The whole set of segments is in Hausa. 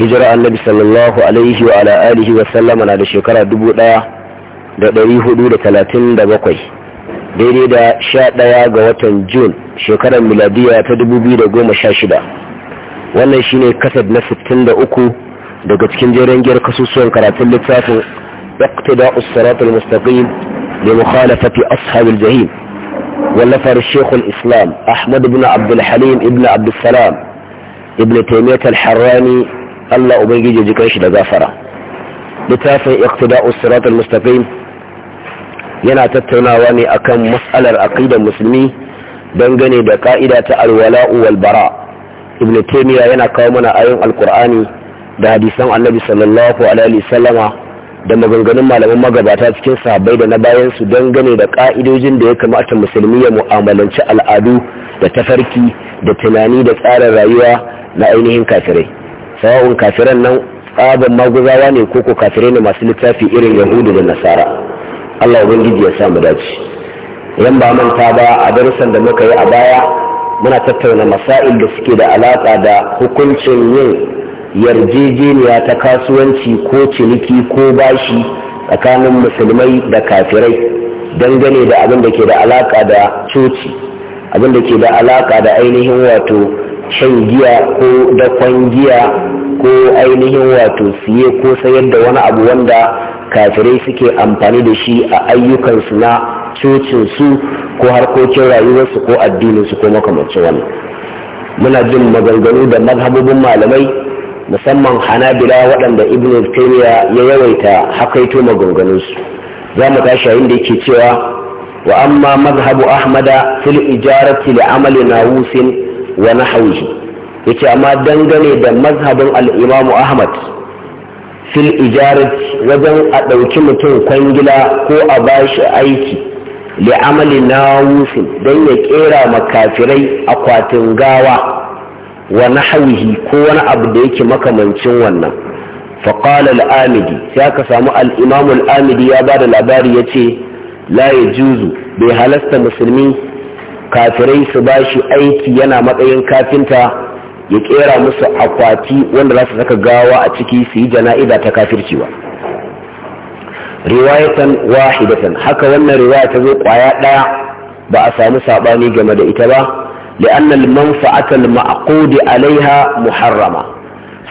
hijira annabi sallallahu alaihi wa ala alihi wa sallama na da shekara dubu daya da dari hudu da talatin da bakwai daidai da sha ɗaya ga watan jun shekarar miladiya ta dubu biyu da goma sha shida wannan shine kasad na sittin da uku daga cikin jerin giyar kasusuwan karatun littafin اقتداء الصراط المستقيم لمخالفة أصحاب الجحيم ولفر الشيخ الإسلام أحمد بن عبد الحليم ابن ibn السلام ibn تيمية الحراني Allah ubangiji jikan shi da zafara littafin iqtida'us siratal mustaqim yana tattaunawa ne akan mas'alar aqidar musulmi dangane da ka'ida ta alwala'u wal bara ibn yana kawo mana ayoyin alqur'ani da hadisan annabi sallallahu alaihi wasallama da maganganun malaman magabata cikin sahabbai da na bayan su dangane da ka'idojin da ya kamata musulmi ya mu'amalanci al'adu da tafarki da tunani da tsarin rayuwa na ainihin kafirai sawa'un kafiran nan tsaban maguzawa ne ko ko kafirai ne masu littafi irin yahudu da nasara allah ubangiji ya samu dace yan ba manta ba a darussan da muka yi a baya muna tattauna masail da suke da alaka da hukuncin yin yarjejeniya ta kasuwanci ko ciniki ko bashi tsakanin musulmai da kafirai dangane da abin da ke da alaka da coci abin da ke da alaka da ainihin wato shan giya ko dakon giya ko ainihin wato siye ko sayar da wani abu wanda kafirai suke amfani da shi a ayyukansu na cocinsu ko harkokin rayuwarsu ko addininsu ko makamancin wani. muna jin maganganu da mazhabobin malamai musamman hanabila waɗanda ibn taymiya ya yawaita hakaito maganganunsu za mu tashi yayin da yake cewa wa amma mazhabu ahmada fil ijarati li amali nawusin wa hauhi yace amma dangane da mazhabin al-Imam Ahmad fil ijarat wajen a ɗauki mutum kwangila ko a ba shi aiki li amali nawufin don ya kera makafirai akwatin gawa wa hauhi ko wani abu da yake makamancin wannan samu الآمدي سياك ya الإمام labari ya ce la ya yajuzu bai halasta musulmi. kafirai su ba shi aiki yana matsayin kafinta ya kera musu akwati wanda za su saka gawa a ciki su yi jana'iza ta kafirci ba riwayatan wahidatan haka wannan riwaya ta zo kwaya daya ba a samu saɓani game da ita ba li'anna al-manfa'ata al-ma'qudi muharrama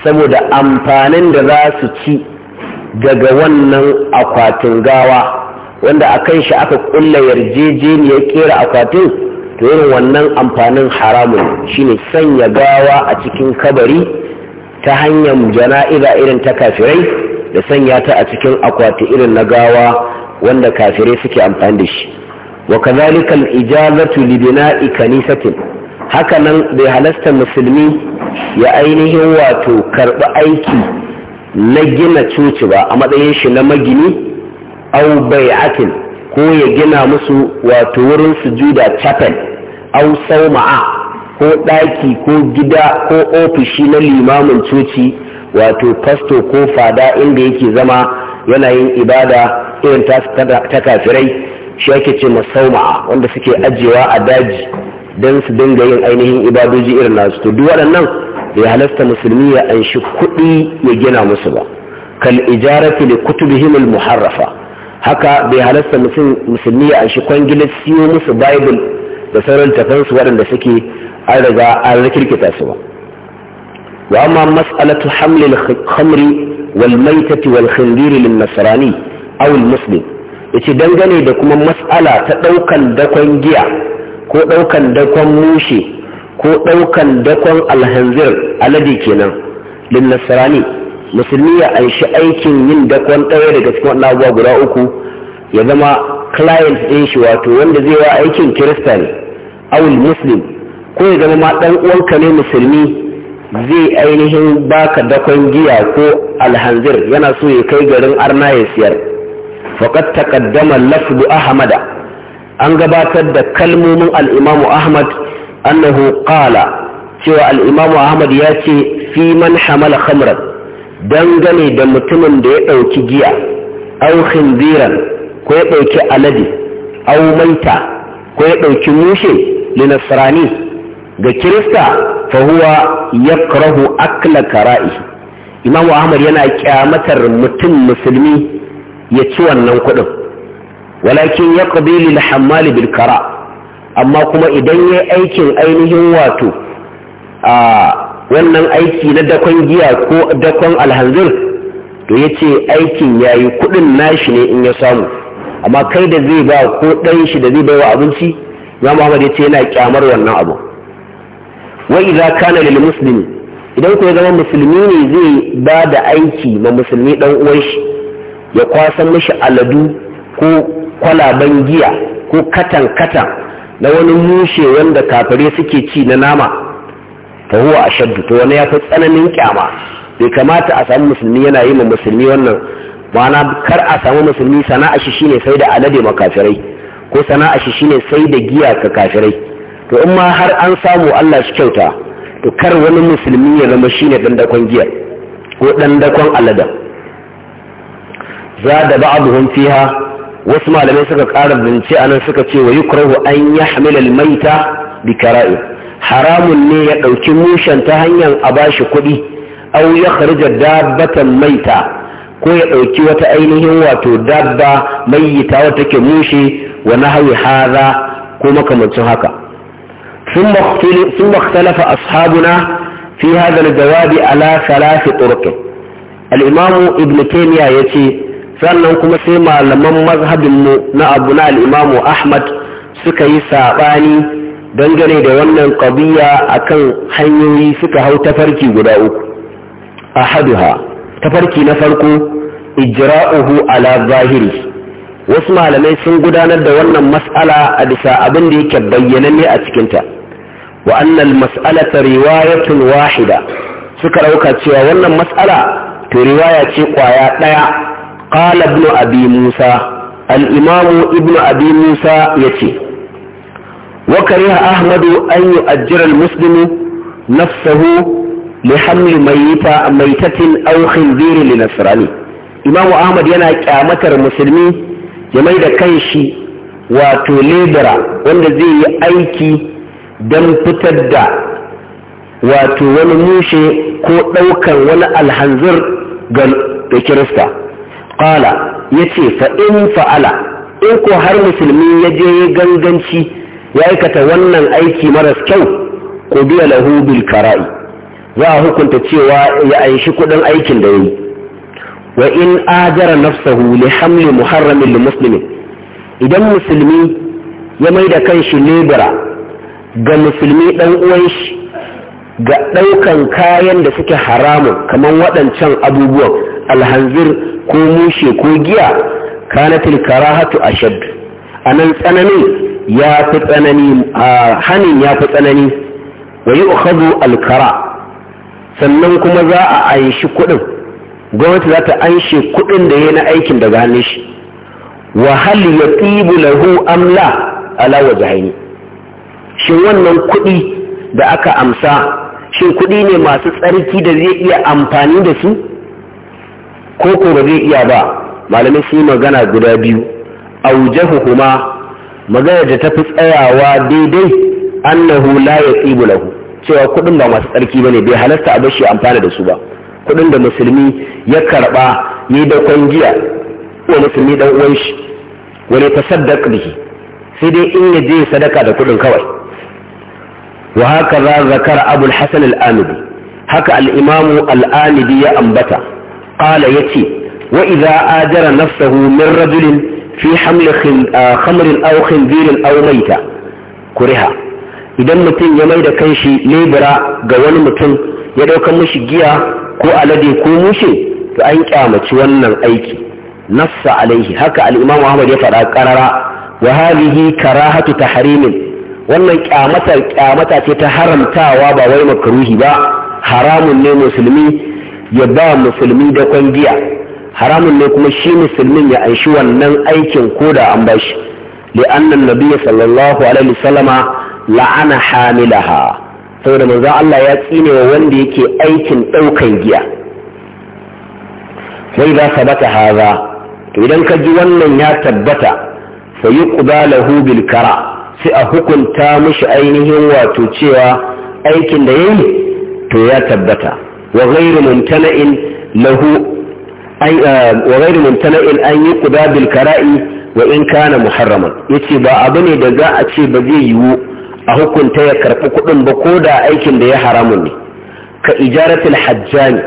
saboda amfanin da za su ci daga wannan akwatin gawa wanda akan shi aka kulla yarjejeniyar kera akwatin to yin wannan amfanin haramun shine sanya gawa a cikin kabari ta hanyar jana'iza irin ta kafirai da sanya ta a cikin akwati irin na gawa wanda kafirai suke amfani da shi wa kazalikal ijazatu li bina'i kanisatin hakanan bai halasta musulmi ya ainihin wato karɓi aiki na gina coci ba a matsayin shi na magini au bai'atin ko ya gina musu wato wurin sujuda chapel au sauma'a ko ɗaki ko gida ko ofishi na limamin coci wato pasto ko fada inda yake zama yanayin ibada irin ta kafirai shi ake ce masauma'a wanda suke ajiyewa a daji don su dinga yin ainihin ibadoji irin nasu to duk waɗannan ya halasta musulmi ya anshi kuɗi ya gina musu ba kal ijarati li kutubihim al muharrafa haka bai halasta musulmi ya shi kwangilar siyo musu bible da sauran tafansu waɗanda suke an riga an rikirkita su ba wa amma mas'alatu hamlil khamri wal maitati wal khinziri lin nasrani aw al muslim yace dangane da kuma mas'ala ta daukan dakon giya ko daukan dakon mushe ko daukan dakon alhanzir alade kenan lin nasrani musulmi ya anshi aikin yin dakon ɗaya daga cikin wannan abubuwa guda uku ya zama client ɗin shi wato wanda zai wa aikin kirista ne awul muslim ko ya zama ma ɗan uwanka ne musulmi zai ainihin baka dakon giya ko alhanzir yana so ya kai garin arna ya siyar faqad taqaddama lafdu ahmada an gabatar da kalmomin al'imamu ahmad annahu qala cewa al'imamu ahmad ya ce fi man hamala khamrat dangane da mutumin da ya ɗauki giya au Ziran ko ya ɗauki alade au maita ko ya ɗauki mushe linasrani ga kirista fahuwa ya karahu akla kara'i imamu ahmad yana kyamatar mutum musulmi ya ci wannan kuɗin walakin ya ƙabili hammali bil kara amma kuma idan ya aikin ainihin wato a wannan aiki na dakon giya ko dakon alhanzir to ya ce aikin ya yi kudin nashi ne in ya samu amma kai da zai ba ko ɗan shi da zai bai wa abinci ya muhammad ya ce yana kyamar wannan abu wa iza kana lil muslimi idan ku ya zama musulmi ne zai ba da aiki ma musulmi ɗan uwan shi ya kwasan mishi aladu ko kwalaban giya ko katan katan na wani mushe wanda kafare suke ci na nama fa a shaddu to wani ya fi tsananin kyama bai kamata a samu musulmi yana yi ma musulmi wannan ma'ana kar a samu musulmi sana'a shi shine sai da alade ma kafirai ko sana'a shi shine sai da giya ka kafirai to in ma har an samu Allah shi kyauta to kar wani musulmi ya zama shine dandakon giya ko dandakon alada za da ba'dhum fiha wasu malamai suka ƙara bincike anan suka ce wa yukrahu an yi al-maita bi kara'i haramun ne ya ɗauki mushen ta hanyar a bashi kuɗi au ya kharja dabbatan maita ko ya ɗauki wata ainihin wato dabba mayyita wata ke mushe wa nahwi haza ko makamancin haka sun makhtalafa ashabuna fi hadha al-jawabi ala thalath turuq al-imam ibn ya ce sannan kuma sai malaman mazhabin mu na abu na al ahmad suka yi sabani dangane da wannan ƙabiya akan hanyoyi suka hau tafarki guda uku ahaduha tafarki na farko ijra'uhu ala zahiri wasu malamai sun gudanar da wannan mas'ala a bisa abin da yake bayyananne a cikinta wa annal mas'alata riwayatun wahida suka rauka cewa wannan mas'ala to riwaya ce kwaya ɗaya qala ibn abi musa al-imamu ibn abi musa yace وكره أحمد أن يؤجر المسلم نفسه لحمل ميتة, ميتة أو خنزير لنصراني إمام أحمد ينا كامة المسلمين يميد كيشي وتوليدرا وندزي أيكي دم تتدى وتولموشي كو أوكا ولا الحنزر قال بكرستا قال يتي فإن فعل إنكو هر مسلمين يجي غنغنشي ya aikata wannan aiki maras kyau ko biya lahu bil kara'i za a hukunta cewa ya aishi kudin aikin da yayi wa in ajara nafsahu li hamli muharramin li muslimin idan musulmi ya mai da kanshi lebura ga musulmi dan uwan shi ga daukan kayan da suke haramun kamar waɗancan abubuwan alhanzir ko mushe ko giya kanatil karahatu ashad anan tsananin ya fi tsanani hanin ya fi tsanani wa yi ukhazu alkara sannan kuma za a aishi kuɗin gwamnati za ta anshe kuɗin da ya na aikin daga hannun shi wa hal ya tsibu lahu amla ala wajahaini shin wannan kuɗi da aka amsa shin kuɗi ne masu tsarki da zai iya amfani da su ko ko zai iya ba malamai sun yi magana guda biyu aujahu kuma maganar da tafi tsayawa daidai annahu la yaqibu lahu cewa kudin ba masu tsarki ne bai halasta a bashi amfana da su ba kudin da musulmi ya karba yi da kwangiya wa musulmi dan uwan shi wani tasaddaq bihi sai dai in ya je sadaka da kudin kawai wa haka za zakara abul hasan al-amidi haka al-imamu al-amidi ya ambata qala yace wa idza ajara nafsahu min rajulin fi hamli khamrin aw khinzirin aw maita kuriha idan mutum ya mai da kanshi lebura ga wani mutum ya ɗauka mishi giya ko alade ko mushe to an kyamaci wannan aiki nassa alaihi haka al-imam Ahmad ya faɗa karara wa hadhihi karahatu tahrimin wannan kyamata kyamata ce ta haramtawa ba wai makruhi ba haramun ne musulmi ya ba musulmi da kwangiya haramun ne kuma shi musulmin ya anshi wannan aikin ko da an bashi li'annan nabiyyu sallallahu alaihi wasallama la'ana hamilaha saboda manzon Allah ya tsine wa wanda yake aikin daukan giya sai za sabata haza to idan ka ji wannan ya tabbata fa yuqda bil kara sai a hukunta mishi ainihin wato cewa aikin da yayi to ya tabbata wa ghairu mumtana'in lahu ai wa ghairu mumtana'in an yi wa in muharraman yace ba abu ne da za a ce ba zai yiwu a hukunta ya karɓi kuɗin ba ko da aikin da ya haramun ne ka ijaratul hajjani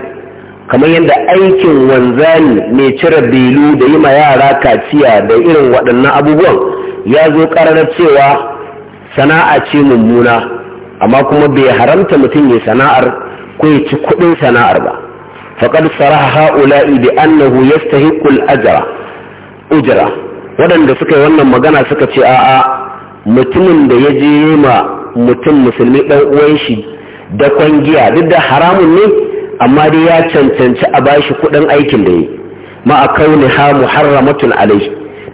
kamar yadda aikin wanzani mai cire belu da yi ma yara kaciya da irin waɗannan abubuwan ya zo ƙararar cewa sana'a ce mummuna amma kuma bai haramta mutum ya sana'ar ko ya ci kuɗin sana'ar ba faƙar saraha ha'ula'i bi annahu yastahiqul ajara, ujra waɗanda suka yi wannan magana suka ce a'a mutumin da ya je ma mutum musulmi ɗan uwan shi da kwangiya duk da haramun ne amma dai ya cancanci a bashi kuɗin aikin da ya ma a kauni ha muharramatun alai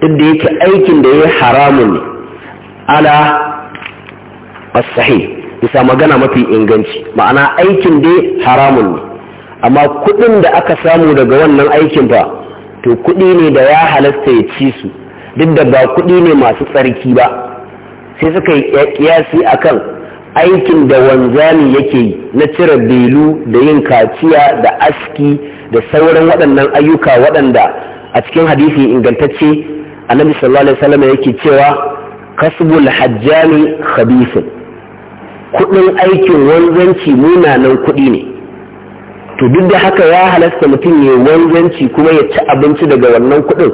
duk da yake aikin da ya haramun ne ala asahi bisa magana mafi inganci ma'ana aikin da haramun ne amma kudin da aka samu daga wannan aikin ba to kudi ne da ya halasta ya ci su duk da ba kudi ne masu tsarki ba sai suka yi kiyasi akan aikin da wanzami yake yi na cire belu da yin kaciya da aski da sauran waɗannan ayyuka waɗanda a cikin hadisi ingantacce annabi sallallahu alaihi wasallam yake cewa kasbul hajjani khabisun kudin aikin wanzanci munanan kudi ne to duk da haka ya halasta mutum ya wanzanci kuma ya ci abinci daga wannan kuɗin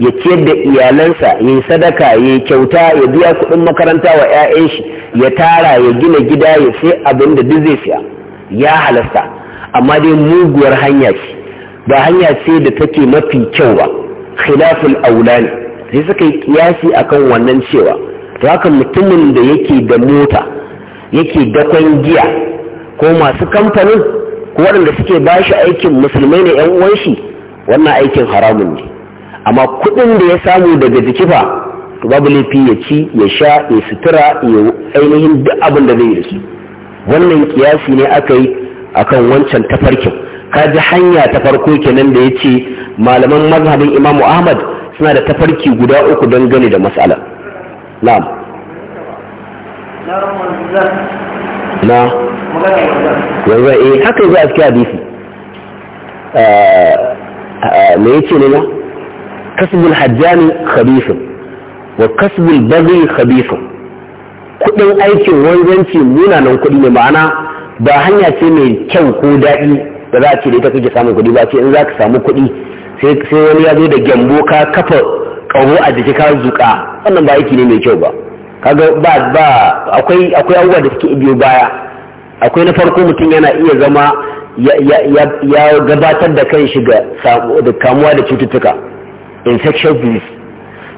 ya ciyar da iyalansa ya sadaka ya kyauta ya biya kuɗin makaranta wa 'ya'yan shi ya tara ya gina gida ya sai abin da duk zai siya ya halasta amma dai muguwar hanya ce ba hanya ce da take mafi kyau ba khilaful aula sai suka yi kiyasi akan wannan cewa to haka mutumin da yake da mota yake dakon giya ko masu kamfanin waɗanda suke ba shi aikin musulmai ne 'yan shi, wannan aikin haramun ne amma kuɗin da ya samu daga jiki ba to babu laifi ya ci ya sha ya sutura ya ainihin duk abin da zai da su wannan kiyasi ne aka yi akan wancan tafarkin ka ji hanya ta farko kenan da ya ce malaman mazhabin imamu ahmad suna da tafarki guda uku don dangane da matsala na'am na wanzan eh haka yanzu a hadisi eh, eh, me yake ne na kasbul hajjani khabisun wa kasbul bazi khabisun kudin aikin wanzanci munanan kudi ne ma'ana ba hanya ce mai kyau ko daɗi da za a ce da ita kake samun kudi ba ce in za ka samu kudi sai wani ya zo da gyambo ka kafa ƙaho a jiki ka zuƙa wannan ba aiki ne mai kyau ba kaga ba ba akwai akwai abubuwa da suke biyo baya akwai na farko mutum yana iya zama ya gabatar da kan shi ga kamuwa da cututtuka infectious disease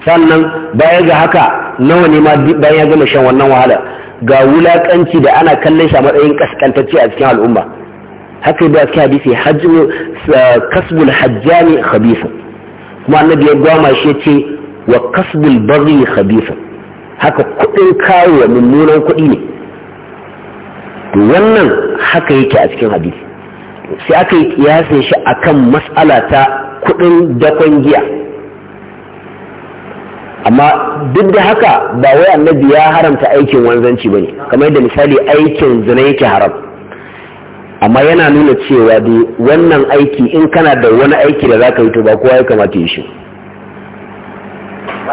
sannan baya ga haka nawa ne ma bayan ya gama shan wannan wahala ga wulakanci da ana kallon shi a matsayin kaskantacce a cikin al'umma haka da cikin hadisi hajju kasbul hajjani khabisa kuma annabi ya gwama shi ce wa kasbul baghi khabisa haka kudin wa mummunan kudi ne wannan haka yake a cikin hadisi sai aka yi kiyasin shi akan mas'ala ta kudin dakon giya amma duk da haka ba wai annabi ya haramta aikin wanzanci ba ne kamar da misali aikin zina yake haram amma yana nuna cewa da wannan aiki in kana da wani aiki da za ka yi to ba kowa ya kamata ya shi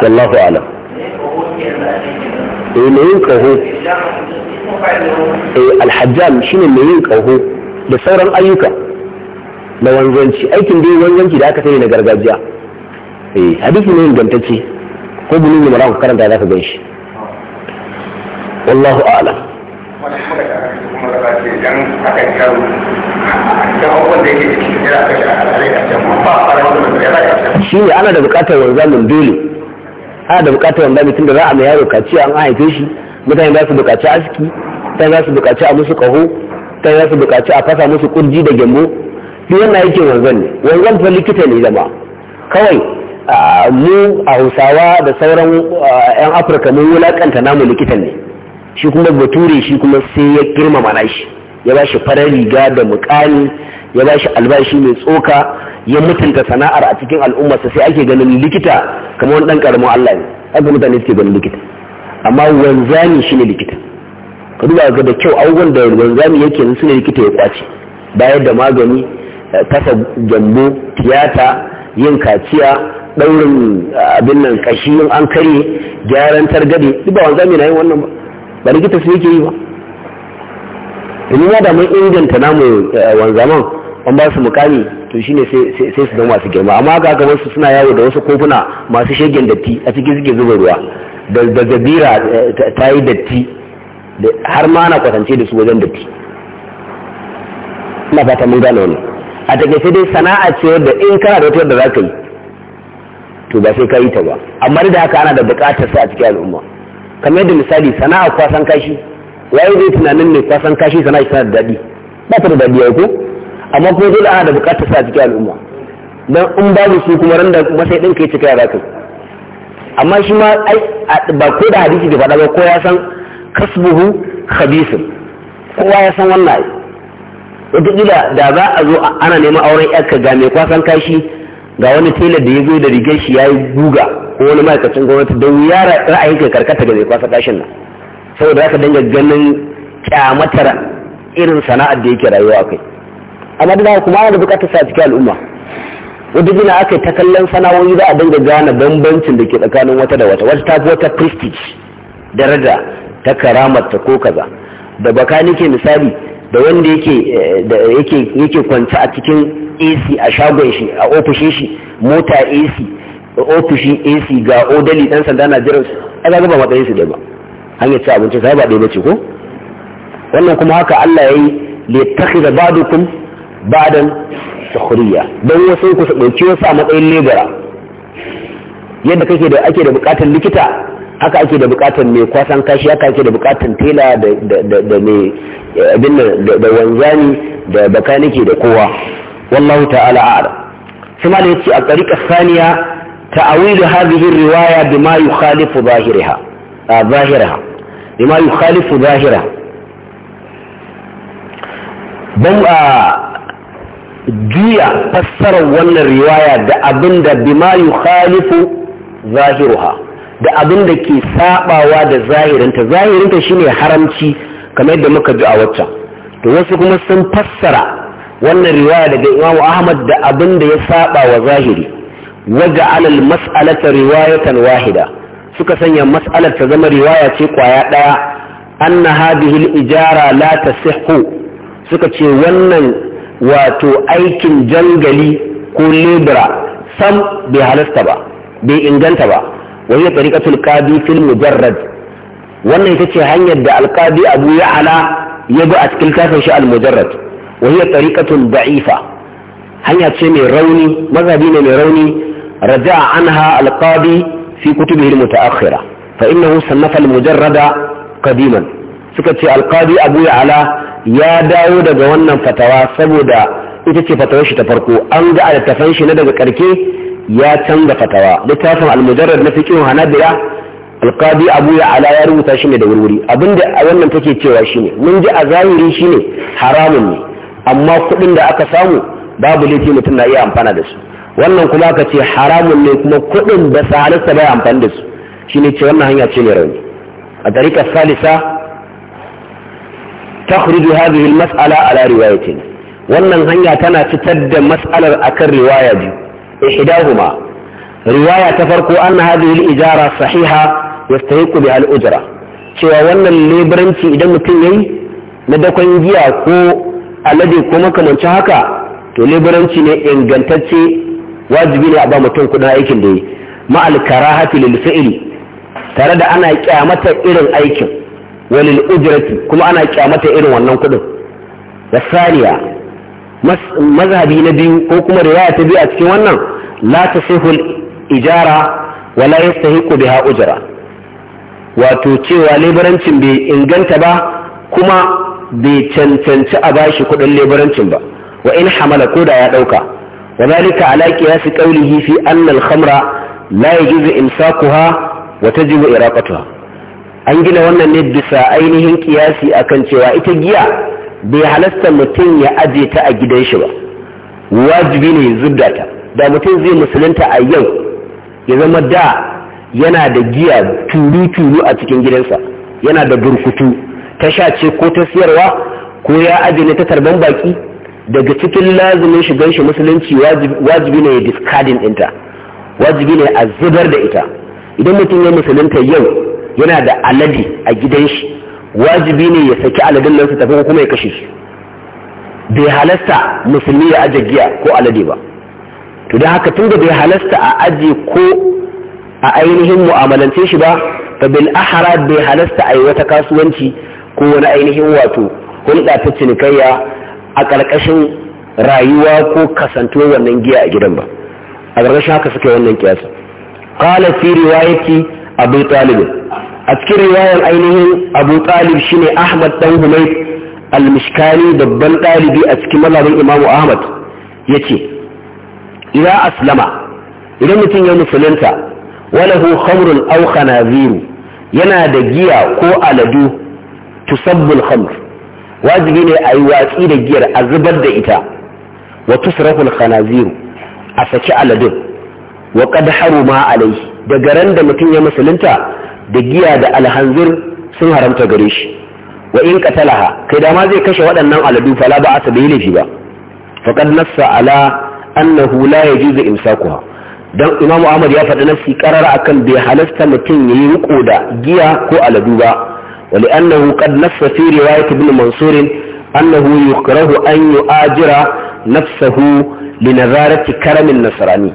wallahu alam eh mai yin kaho eh alhajjal shine mai yin kaho da sauran ayyuka na wanzanci aikin dai wanzanci da aka sani na gargajiya eh hadisi ne ingantacce ko bunu ne mara karanta za ka gan shi wallahu a'lam shi ne ana da bukatar wanzamin dole ana da bukatar wanda mutum da za a mai yaro kaci an haife shi mutane za su bukaci aski ta za su bukaci a musu kaho ta za su bukaci a fasa musu kurji da gyambo duk wannan yake wanzan ne wanzan fa likita ne jama'a kawai mu a hausawa da sauran 'yan afirka mun wulakanta namu likitan ne shi kuma bature shi kuma sai ya girmama nashi ya ba shi farar riga da mukami ya ba shi albashi mai tsoka ya mutunta sana'ar a cikin al'ummarsa sai ake ganin likita kamar wani ɗan karamin Allah ne haka mutane suke ganin likita amma wanzami shi ne likita ka duba ga da kyau abubuwan da wanzami yake su ne likita ya kwace bayar da magani kasa gyambu tiyata yin kaciya ɗaurin abin nan kashi yin an karye gyaran targade duk wanzami na yin wannan ba ba likita su yake yi ba ma da mun inganta namu eh, wanzaman an ba su mukami to shine sai su zama su girma amma ga gaban su suna yawo da wasu kofuna masu shegen datti a cikin suke zuba ruwa da zabira eh, ta yi datti har ma na kwatance da su wajen datti na fata mun gano ne a sai dai sana'a ce da in kana da wata da za ka yi to ba sai ka yi ta ba amma da haka ana da bukatar sa a cikin al'umma kamar yadda misali sana'a kwasan kashi waye zai tunanin ne kwasan kashi sana'a tana da daɗi ba ta da daɗi ya ko amma kuma dole ana da bukatar sa cikin al'umma dan in babu su kuma ran da masai din kai cika za kai amma shi ma ai ba ko da hadisi da faɗa ba ko ya san kasbuhu khabisun kowa ya san wannan ai wataƙila da za a zo ana neman auren yarka ga mai kwasan kashi ga wani tailor da ya zo da rigar shi ya yi guga ko wani ma'aikacin gwamnati da wuya ra'ayin ka karkata ga mai kwasan kashin nan saboda za ka dinga ganin kyamatar irin sana'ar da yake rayuwa kai amma da kuma ana da bukatar sa cikin al'umma wata gina aka yi ta sana'o'i za a dinga gane bambancin da ke tsakanin wata da wata wata ta fi wata prestige daraja ta karamar ta ko kaza da baka nake misali da wanda yake eh, yake yake kwance a cikin AC a shagon shi a ofishin shi mota AC ofishin AC ga odali dan sanda Najeriya a ga ba matsayin su da ba hanyar ci abinci sai ba dai bace ko wannan kuma haka Allah yayi li yattakhidha ba'dukum ba'dan sukhriya don wasu ku su dauki wasu a matsayin lebura yadda kake da ake da bukatan likita haka ake da bukatan mai kwasan kashi haka ake da bukatan tela da mai eh, abin da wanzani da bakanike da kowa wallahu ta'ala a'lam kuma da yace a tsarika saniya ta'awilu hadhihi riwaya bima yukhalifu zahiriha zahiraha bima yukhalifu zahiraha ban a juya fassarar wannan riwaya da abin da bima yukhalifu zahiruha da abin da ke sabawa da zahirinta zahirinta shine haramci kamar yadda muka ji a waccan to wasu kuma sun fassara wannan riwaya daga Imam Ahmad da abin da ya saɓa wa zahiri waja alal mas'alata riwayatan wahida suka sanya mas'alar ta zama riwaya ce kwaya daya anna hadhihi al-ijara la tasihhu suka ce wannan wato aikin jangali ko lebra sam bai halasta ba bai inganta ba wani ya tariƙatul qadi fil mujarrad wannan ita ce hanyar da alkabi abu ya ala ya bi a cikin kafin shi al mujarrad wani ya tariƙatul da'ifa hanya ce mai rauni mazhabi ne mai rauni raja anha alkabi fi kutubihi akhira fa innahu sannafa al mujarrada qadiman suka ce alkabi abu ya ala ya dawo daga wannan fatawa saboda ita ce fatawar shi ta farko an ga a littafan shi na daga karke ya canza fatawa littafin almujarrad na fiqh hanabila alqadi abu ya ala ya rubuta shi ne da wurwuri abinda a wannan take cewa shine mun ji a zahiri shine haramun ne amma kuɗin da aka samu babu laifi mutum na iya amfana da su wannan kuma aka ce haramun ne kuma kuɗin da sa bai amfani da su shine ce wannan hanya ce mai rauni a tarikar salisa takhruju hadhihi al-mas'ala ala wannan hanya tana fitar da mas'alar akan riwaya biyu ihdahuma riwaya ta farko anna hadhihi al-ijara sahiha yastahiqu biha al-ujra cewa wannan leburanci idan mutum yayi na dakon giya ko alade ko makamancin haka to leburanci ne ingantacce wajibi ne a ba mutum kudin aikin da yi ma'al karahati lil fi'li tare da ana kyamata irin aikin wani ujrati kuma ana kyamata irin wannan kudin da saniya mazhabi na biyu ko kuma riwaya ta biyu a cikin wannan la tasihul ijara wala yastahiqu biha ujra wato cewa lebarancin bai inganta ba kuma bai cancanci a bashi kudin lebarancin ba wa in hamala ko da ya dauka wa zalika ala qiyas qawlihi fi anna al-khamra la yajuzu imsakuha wa tajibu iraqatuha an gina wannan ne bisa ainihin kiyasi kan cewa ita giya bai halasta mutum ya aje ta a gidan shi ba wajibi ne zubda ta da mutum zai musulunta a yau ya zama da yana da giya turu-turu a cikin gidansa yana da burkutu ta sha ce ko ta siyarwa ko ya aje ne ta tarban baki daga cikin lazumin shigan shi musulunci wajibi ne ya discarding ɗinta wajibi ne a zubar da ita idan mutum ya musulunta yau yana da alade a gidan shi wajibi ne ya saki aladin nan su tafi ko kuma ya kashe su bai halasta musulmi ya aje giya ko alade ba to da haka tunda bai halasta a aje ko a ainihin mu'amalance shi ba fa bil ahra bai halasta a yi wata kasuwanci ko wani ainihin wato hulɗa ta cinikayya a ƙarƙashin rayuwa ko kasantuwar wannan giya a gidan ba a ƙarƙashin haka suka yi wannan kiyasa qala fi riwayati abu talib a cikin riwayar ainihin abu talib shine ahmad dan humayt al-mishkani babban dalibi a cikin mazhabin imamu ahmad ya ce idza aslama idan mutum ya musulunta walahu khamrun aw khanaziru yana da giya ko aladu tusabbul khamr wajibi ne a yi watsi da giyar a zubar da ita wa tusraful khanaziru a saki aladun wa haruma alai da ran da mutum ya musulunta da giya da alhanzir sun haramta gare shi wa in kai da ma zai kashe waɗannan aladu fala ba a bai laifi ba faqad nassa ala annahu la yajuzu imsakuha dan imamu ahmad ya faɗi nafsi karar akan bai halasta mutum yayi riko da giya ko aladu ba ولأنه قد نص في رواية ابن منصور أنه يكره أن يؤاجر نفسه لنظارة كرم النصراني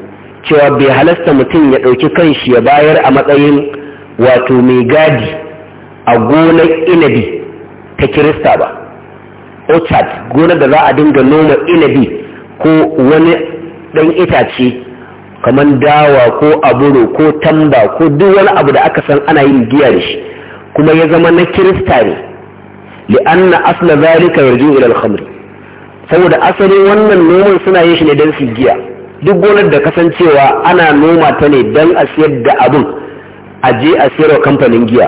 cewa bai halasta mutum ya ɗauki kanshi ya bayar a matsayin wato mai gadi a gonar inabi ta kirista ba orchard gonar da za a dinga noma inabi ko wani ɗan itace kamar dawa ko aburo ko tamba ko duk wani abu da aka san ana yin giya da shi kuma ya zama na kirista ne li'anna asla zalika yarju ila al-khamr saboda asalin wannan noman suna yin shi ne don su giya duk gonar da kasancewa ana noma ta ne don a siyar da abin a je a wa kamfanin giya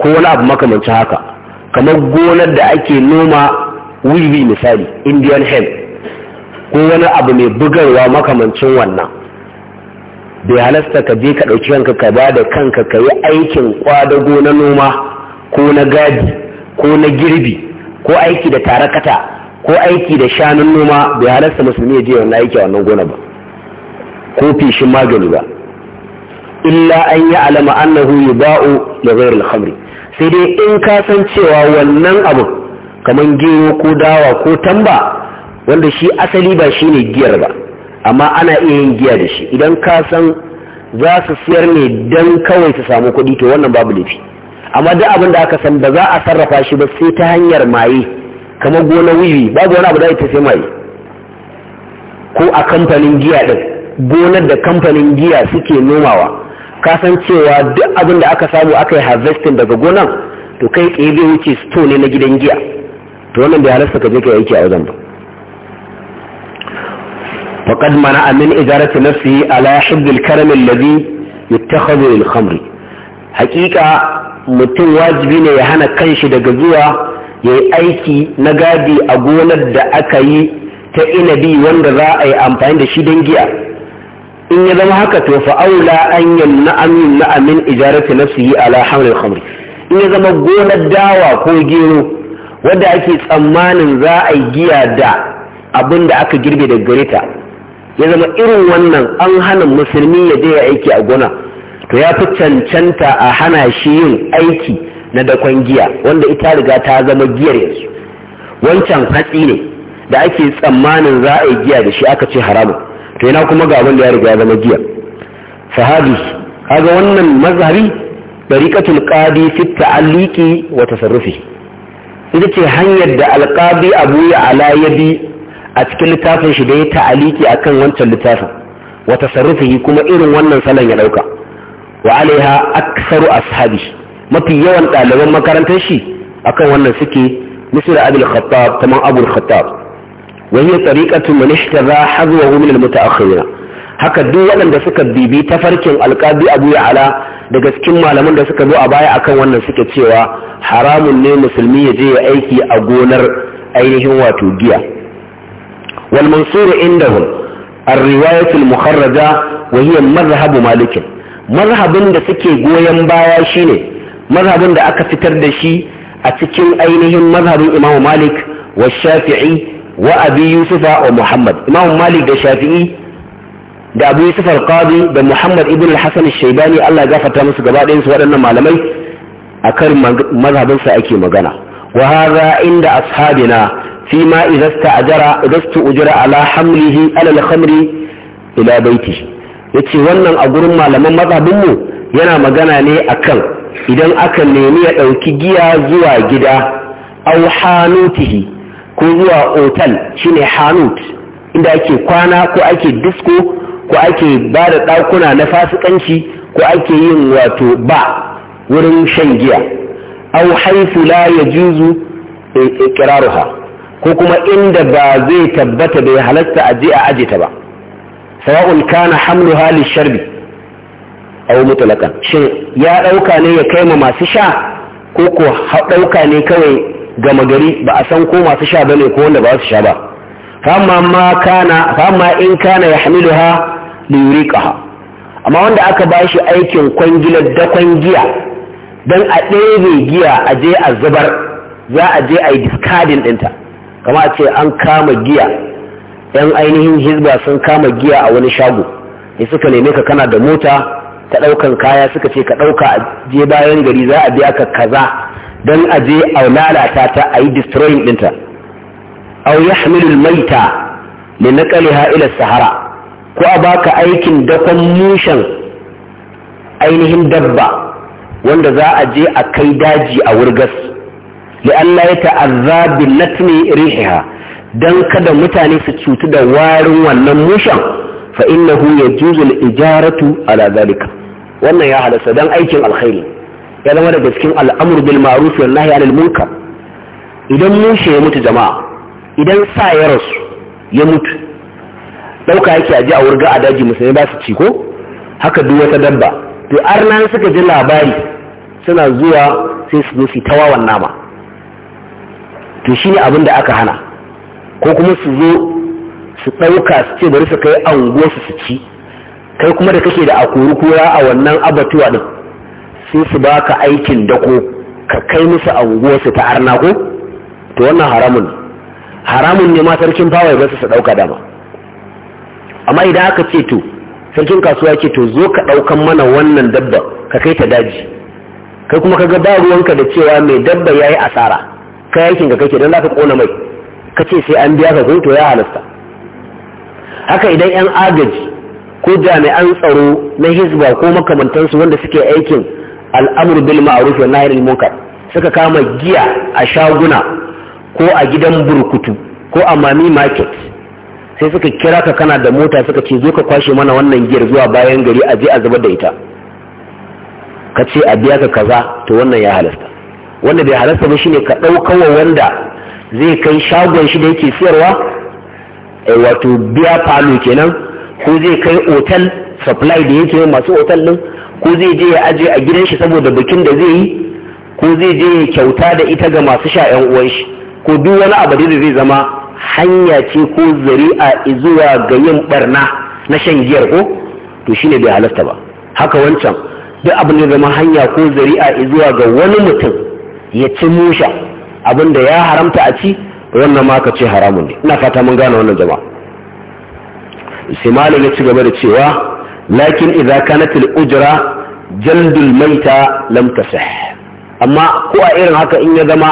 ko wani abu makamanci haka kamar gonar da ake noma wiwi misali indian hen, ko wani abu mai bugarwa makamancin wannan bai halasta ka je ka ɗauki kanka ka ba da kanka ka yi aikin kwadago na noma ko na gadi ko na girbi ko aiki da tarakata ko aiki da shanun noma bai halarta musulmi ya je wannan aiki a wannan gona ba ko fishin magani ba illa an yi alama annahu yuba'u da zai alhamri sai dai in ka san cewa wannan abu kamar gero ko dawa ko tamba wanda shi asali ba shi ne giyar ba amma ana iya yin giya da shi idan ka san za su siyar ne don kawai su samu kuɗi to wannan babu laifi amma duk abin da aka san ba za a sarrafa shi ba sai ta hanyar maye kamar gonar wiwi babu wani abu da ita sai mai ko a kamfanin giya din gonar da kamfanin giya suke nomawa kasan cewa duk abin da aka samu aka yi harvesting daga gonan to kai tsaye zai wuce stone ne na gidan giya to wannan bai halasta ka je ka aiki a wajen ba faqad mana amin ijarati nafsi ala hibdil karam alladhi yattakhadhu lil khamr haqiqa mutum wajibi ne ya hana kanshi daga zuwa ya yi aiki na gadi a gonar da aka yi ta inabi wanda za a yi amfani da shi don giya in ya zama haka to fa'aula an yi amin na'amin amin ijarati na su yi ala hamlin hamri in ya zama gonar dawa ko gero wadda ake tsammanin za a yi giya da abin da aka girbe da garita ya zama irin wannan an hana musulmi ya je aiki a gona to ya fi cancanta a hana shi yin aiki na dakon giya wanda ita riga ta zama giyar yanzu wancan hatsi ne da ake tsammanin za a yi giya da shi aka ce haramun to yana kuma ga abin ya riga zama giya sahabi kaga wannan mazhabi dariqatul qadi fi ta'alliqi wa tasarrufi ita ce hanyar da alqadi abu ya ala yadi a cikin littafin shi da ya ta'alliqi akan wancan littafin wa tasarrufi kuma irin wannan salan ya dauka wa alaiha aktsaru ashabi mafi yawan ɗaliban makarantar shi akan wannan suke misir abul khattab kaman abul khattab wa hiya tariqatu man ishtara hazwahu min al mutaakhirin haka duk waɗanda suka bibi tafarkin alqabi abu ya'ala daga cikin malaman da suka zo a baya akan wannan suke cewa haramun ne musulmi ya je ya aiki a gonar ainihin wato giya wal mansur indahum الرواية المخرجة وهي مذهب مالك مذهب da suke goyon baya shine mazhabin da aka fitar da shi a cikin ainihin mazhabin imam malik wa shafi'i wa abi yusufa wa muhammad imam malik da shafi'i da abu yusuf al-qadi da muhammad ibn al-hasan al-shaybani Allah ya gafarta musu gaba ɗayan su waɗannan malamai akan mazhabin sa ake magana wa hadha inda ashabina fi ma idza sta'jara idza ujra ala hamlihi ala al-khamri ila baiti yace wannan a gurin malaman mazhabin mu yana magana ne akan idan aka nemi ya ɗauki giya zuwa gida au hanutihi ko zuwa otal shine hanut inda ake kwana ko ake disko ko ake ba da ɗakuna na fasikanci ko ake yin wato ba wurin shan giya au haifu la ya juzu ikiraruha eh, eh, ko kuma inda ba zai tabbata bai halatta a je a aje ta ba sawa'un kana halin sharbi. au mutlaqan shin ya ɗauka ne ya kai ma masu sha ko ko dauka ne kawai gama gari ba a san ko masu sha bane ko wanda ba su sha ba famma ma kana famma in kana yahmiluha li yuriqaha amma wanda aka ba shi aikin kwangilar da kwangiya dan a ɗebe giya a je a zubar za a je a yi discarding ɗinta kama a ce an kama giya yan ainihin hizba sun kama giya a wani shago ne suka neme ka kana da mota ta ɗaukan kaya suka ce ka ɗauka a je bayan gari za a biya ka kaza don a je a lalata ta a yi destroying ɗinta au ya hamilul maita da na ƙaliha ila sahara ko a baka aikin dakon mushen ainihin dabba wanda za a je a kai daji a wurgas li'alla ya ta'azza bi latmi rihiha don kada mutane su cutu da warin wannan mushan fa innahu yajuzu al-ijaratu ala zalika wannan ya halasta don aikin alkhairi ya zama daga cikin al'amur bil ma'ruf wal nahyi anil munkar idan mushe ya mutu jama'a idan sa ya rasu ya mutu dauka yake aje a wurga a daji musulmi ba su ci ko haka duk wata dabba to arnan suka ji labari suna zuwa sai su zo tawawan nama to shi ne abin da aka hana ko kuma su zo su ɗauka su ce bari su kai anguwarsu su ci kai kuma da kake da akuru kura a wannan abatuwa din sai su baka aikin dako ka kai musu anguwarsu ta arna ko to wannan haramun haramun ne ma sarkin fawai ba su dauka dama amma idan aka ce to sarkin kasuwa ce to zo ka daukan mana wannan dabba ka kai ta daji kai kuma kaga ba ruwanka da cewa mai dabba yayi asara kai aikin ka kake dan zaka kona mai kace sai an biya ka to ya halasta haka idan yan agaji ko jami'an tsaro na hizba ko makamantansu wanda suke aikin al'amur bil ma'ruf wa nahy anil suka kama giya a shaguna ko a gidan burkutu ko a mami market sai suka kira ka kana da mota suka ce zo ka kwashe mana wannan giyar zuwa bayan gari a je a zubar da ita ka ce a biya ka kaza to wannan ya halasta wanda bai halasta ba shine ka ɗaukawa wanda zai kai shagon shi da yake siyarwa eh, wato biya falo kenan ko zai kai otal supply da yake masu otal din ko zai je ya aje a gidan shi saboda bikin da zai yi ko zai je ya kyauta da ita ga masu sha yan uwan shi ko duk wani abu da zai zama hanya ce ko zari'a zuwa ga yin barna na shan giyar ko to shine bai halasta ba haka wancan duk abu ne zama hanya ko zari'a zuwa ga wani mutum ya ci musha abinda ya haramta a ci wannan ma ka ce haramun ne ina fata mun gane wannan jama'a sai malam ya ci gaba da cewa lakin idza kanat al-ujra jaldul maita lam tasah amma ko a irin haka in ya zama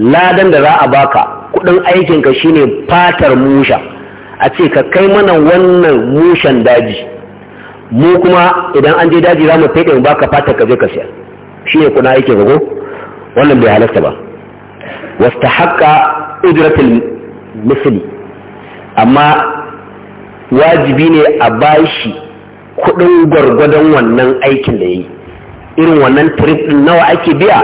ladan da za a baka kudin aikin ka shine fatar musha a ce ka kai mana wannan mushan daji mu kuma idan an je daji za mu fede mu baka fatar ka je ka siya shine kuna aikin ka ko wannan bai halarta ba wastahaqqa ujratul misli amma wajibi ne a bashi kudin gwargwadon wannan aikin da ya yi irin wannan trip din nawa ake biya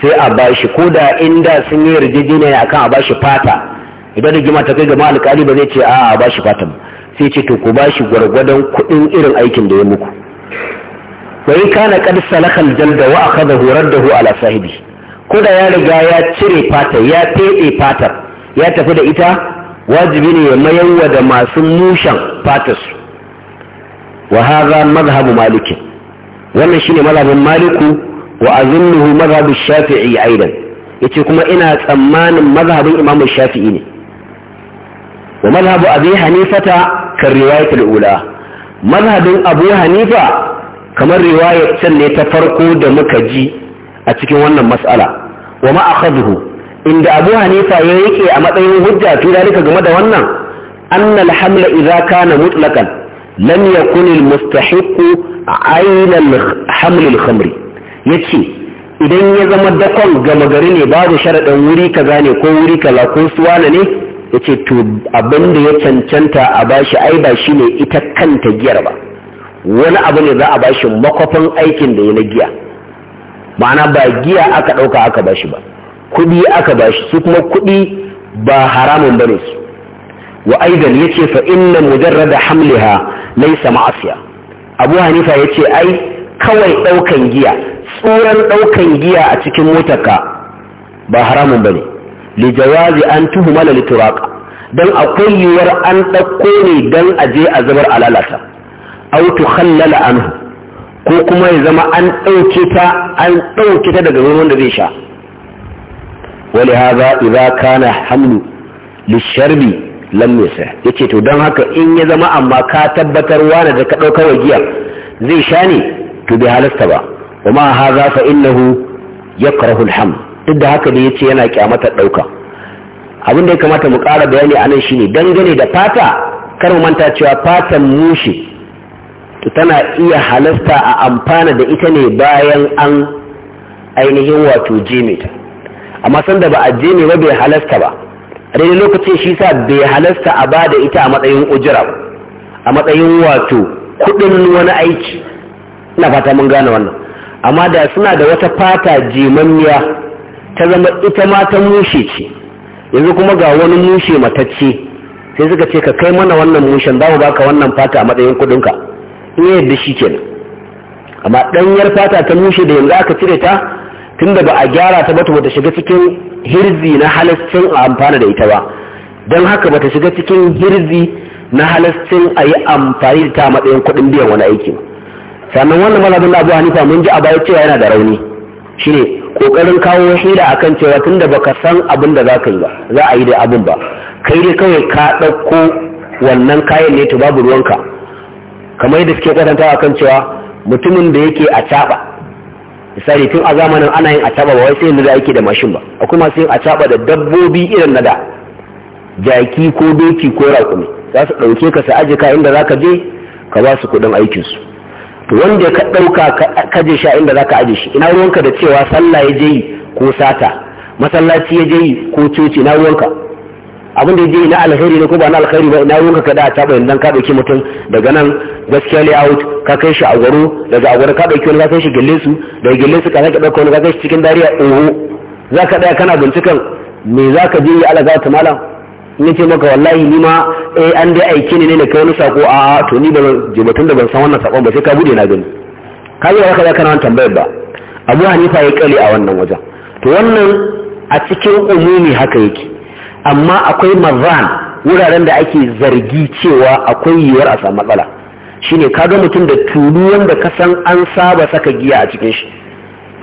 sai a bashi ko da inda sun yi yarjejeniya akan a bashi fata idan rigima ta kai ga alkali ba zai ce a a bashi fata ba. sai ce to ku bashi gwargwadon kudin irin aikin da ya muku wai kana kad salakal jalda wa akhadahu raddahu ala sahibi ko da ya riga ya cire fata ya fede fatar ya tafi da ita wajibi ne ya mayarwa da masu mushen fatarsu wa haza mazhabu malikin wannan shine mazhabin maliku wa azunnuhu mazhabu shafi'i aidan yace kuma ina tsammanin mazhabin imamu shafi'i ne wa mazhabu abi hanifata kan riwayatul ula mazhabin abu hanifa kamar riwayar can ne ta farko da muka ji a cikin wannan mas'ala wa ma akhadhu inda abu hanifa ya yake a matsayin hujja fi dalika game da wannan annal hamla idza kana mutlaqan lam yakun al mustahiq ayn al haml al khamri yace idan ya zama dakon gama gari ne babu sharadin wuri kaza ne ko wuri kaza ko suwana ne yace to abinda ya cancanta a bashi ai ba shine ita kanta giyar ba wani abu ne za a bashi makofin aikin da ya na giya ma'ana ba giya aka dauka aka bashi ba kuɗi aka bashi su kuma kuɗi ba haramun bane su wa aidan yace fa inna mujarrada hamliha laysa ma'asiya abu hanifa yace ai kawai daukan giya tsuran daukan giya a cikin motarka ba haramun bane li jawazi an tuhumala li dan akwai yiwuwar an dauko ne dan aje a zubar alalata aw tukhallala anhu ko kuma ya zama an dauke ta an dauke ta daga ruwan da zai sha ولهذا إذا كان حمل للشرب لم يسه yace to dan haka in ya zama amma ka tabbatar wani da ka wa wajiya zai sha ne to bai halasta ba kuma haza fa innahu yakrahu duk da haka da ce yana kyamata ɗauka? abin da ya kamata mu ƙara bayani anan nan shine dangane da fata kar mu manta cewa fatan mushi tana iya halasta a amfana da ita ne bayan an ainihin wato jimita amma sanda ba addini ba bai halasta ba a daidai lokacin shi sa bai halasta a bada ita a matsayin ujira ba a matsayin wato kudin wani aiki ina fata mun gane wannan amma da suna da wata fata jimanniya ta zama ita ma ta mushe ce yanzu kuma ga wani mushe matacce sai suka ce ka kai mana wannan mushen za mu baka wannan fata a matsayin kudinka in yadda shi kenan amma ɗanyar fata ta mushe da yanzu aka cire ta tunda ba a gyara ta ba bata shiga cikin hirzi na halascin a amfana da ita ba don haka bata shiga cikin hirzi na halascin a yi amfani da ta matsayin kuɗin biyan wani aiki sannan wannan mazhabin abu hanifa mun ji a baya cewa yana da rauni shine kokarin kawo hila akan cewa tunda baka san abin da zaka yi ba za a yi da abin ba kai dai kawai ka ɗauko wannan kayan ne to babu ruwanka kamar yadda suke a kan cewa mutumin da yake a caɓa misali tun a zamanin ana yin acaba ba wai sai yanzu da ake da mashin ba akwai masu yin acaba da dabbobi irin na da jaki ko doki ko raƙumi za su ɗauke ka su aji ka inda za ka je ka ba su kuɗin aikinsu to wanda ka ɗauka ka je sha inda za ka aje shi ina ruwanka da cewa sallah ya je yi ko sata masallaci ya je yi ko coci ina ruwanka abin da yake na alkhairi ne ko ba na alkhairi ba ina ruwanka kada a taba yadda ka dauki mutum daga nan gaskiya layout ka kai shi a gwaro daga a gwaro ka dauki wani ka kai shi gille su daga gille su ka sake dauka wani ka kai shi cikin dariya oho za ka daya kana bincikan me za ka je ya alaga ta malam ina ce maka wallahi ni ma eh an dai aiki ne ne na kai wani sako a to ni je mutum da ban san wannan sakon ba sai ka bude na gani ka je ka kana wannan tambayar ba abu hanifa ya kale a wannan wajen to wannan a cikin umumi haka yake amma akwai mazan wuraren da ake zargi cewa akwai yiwuwar a samu matsala shine kaga mutum da tulu wanda ka san an saba saka giya a cikin shi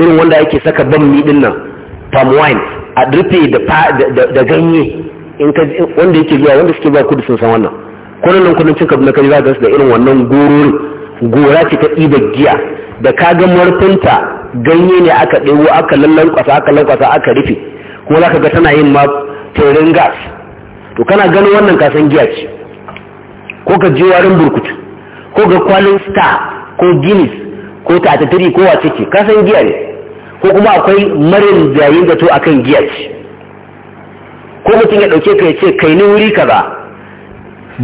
irin wanda ake saka ban midin nan palm wine a rufe da ganye wanda yake zuwa wanda suke zuwa kudu sun san wannan kwanan kudin cin kaduna kaji za su da irin wannan gororin gora ce ta ɗiba giya da ka ga marfinta ganye ne aka ɗewo aka lallankwasa aka lankwasa aka rufe kuma za ka ga tana yin ma terin gas to kana ganin wannan kasan giya ce ko ka je warin burkutu ko ga kwalin star ko guinness ko tatatiri ko wace ce kasan giya ne ko kuma akwai marin da zato akan giya ce ko mutum ya dauke ka ya ce kai ni wuri ka ba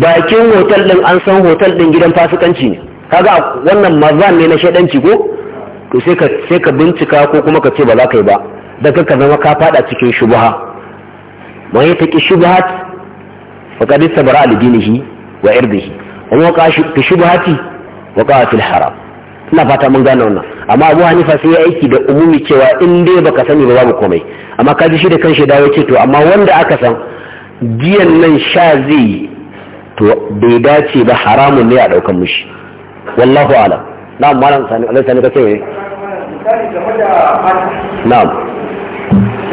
bakin hotel din an san hotel din gidan fasikanci ne kaga wannan mazan ne na shedanci ko to sai ka bincika ko kuma ka ce ba za ka yi ba da ka zama ka fada cikin shubuha wa yataqi shubuhat faqad sabara li dinihi wa irdihi wa man waqa fi shubuhati waqa fil haram ina fata mun gane wannan amma Abu Hanifa sai ya aiki da umumi cewa in dai baka sani ba babu komai amma kaji shi da kanshi dawo ce to amma wanda aka san giyan nan sha zai to bai dace ba haramun ne a daukan mushi wallahu alam na'am malam sani alai sani kace na'am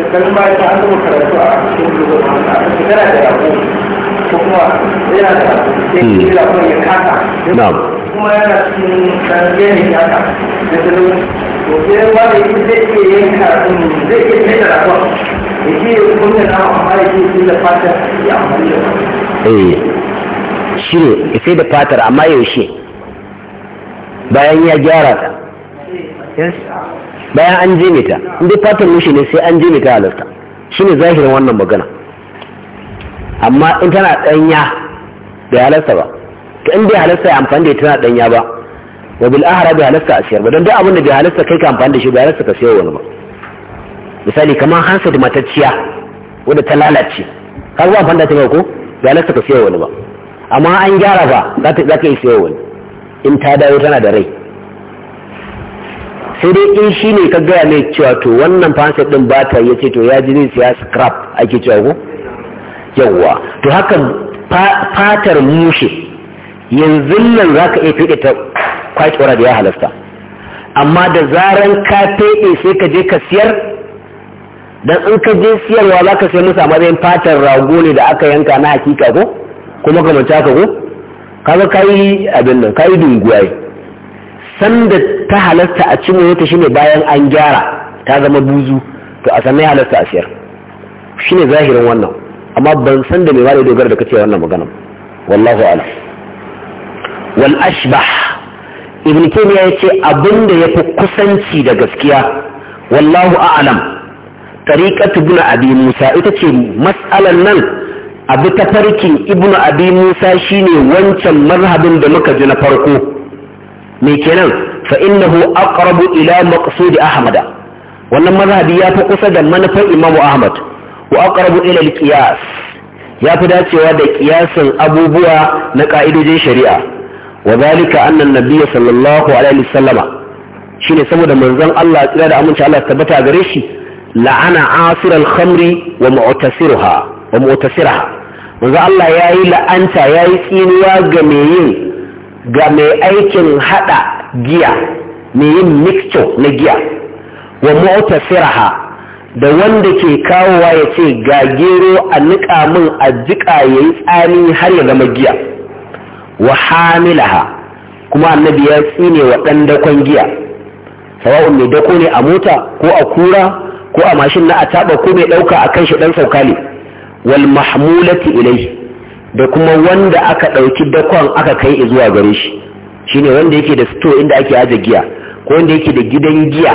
shekarun baya ta an karatu a cikin gudu a da yabo ko kuma yana da ya hmm. ya kasa kuma yana cikin yanayi haka da tsirin to sai ba yake zai iya yin karatu zai iya mai da rafa da ke yi kuma na amma ya ke da fatar ya amfani da wani. Eh, shi ne sai da fatar amma yaushe bayan ya gyara ta. bayan an jeme ta inda fatan mishi ne sai an jeme ta shi ne zahirin wannan magana amma in tana danya da halasta ba ta in bai halasta ya amfani da tana danya ba wa bil ahra bai halasta a siyar ba don duk abin da bai halasta kai ka amfani da shi bai halarta ka sayo wani ba misali kamar hansa da matacciya wadda ta lalace ka zuwa amfani da ta ko bai halarta ka siyo wani ba amma an gyara ba za ka iya wani in ta dawo tana da rai sai dai in shi ne ka gaya mai cewa to wannan fansa ɗin ba ta ya ce to ya ji zai siya scrap ake cewa ko yawwa to haka fatar mushe yanzu nan za ka iya fiɗe ta kwakwara da ya halasta amma da zaran ka feɗe sai ka je ka siyar dan in ka je siyarwa za ka sai musa matsayin fatar rago ne da aka yanka na hakika ko kuma ka manta ka ko kaga ka yi abin nan ka yi dunguwaye sanda ta halasta a cin shi shine bayan an gyara ta zama buzu to a sannan halasta a siyar shine zahirin wannan amma ban san da mai ba dogara da kace wannan magana wallahu a'lam wal ashbah ibn taymiya yace abinda yafi kusanci da gaskiya wallahu a'lam tariqatu ibn abi musa ita ce mas'alan nan abu ta farkin ibn abi musa shine wancan mazhabin da muka ji na farko mai kenan fa innahu aqrabu ila maqsudi ahmad wannan mazhabi ya fi kusa da manufar imamu ahmad wa aqrabu ila al ya fi dacewa da kiyasin abubuwa na ka'idojin shari'a wa zalika anna an-nabiy sallallahu alaihi wasallama shine saboda manzon Allah tsira da aminci Allah tabbata gare shi la'ana asir al-khamri wa mu'tasiruha wa mu'tasiraha manzon Allah yayi la'anta yayi tsinuwa ga mai yin ga mai aikin hada giya mai yin mixture na giya wa mota mu'tasiraha da wanda ke kawowa ya ce ga gero a niƙa min a jiƙa ya yi tsani har ya gama giya wa hamilaha kuma annabi ya tsine wa ɗan dakon giya sawa'un mai dako ne a mota ko a kura ko a mashin na a taɓa ko mai ɗauka a kan shi ɗan saukali walmahmulati wal mahmulati ilai da kuma wanda aka ɗauki dakon aka kai zuwa gare shi shi ne wanda yake da sto inda ake aje giya ko wanda yake da gidan giya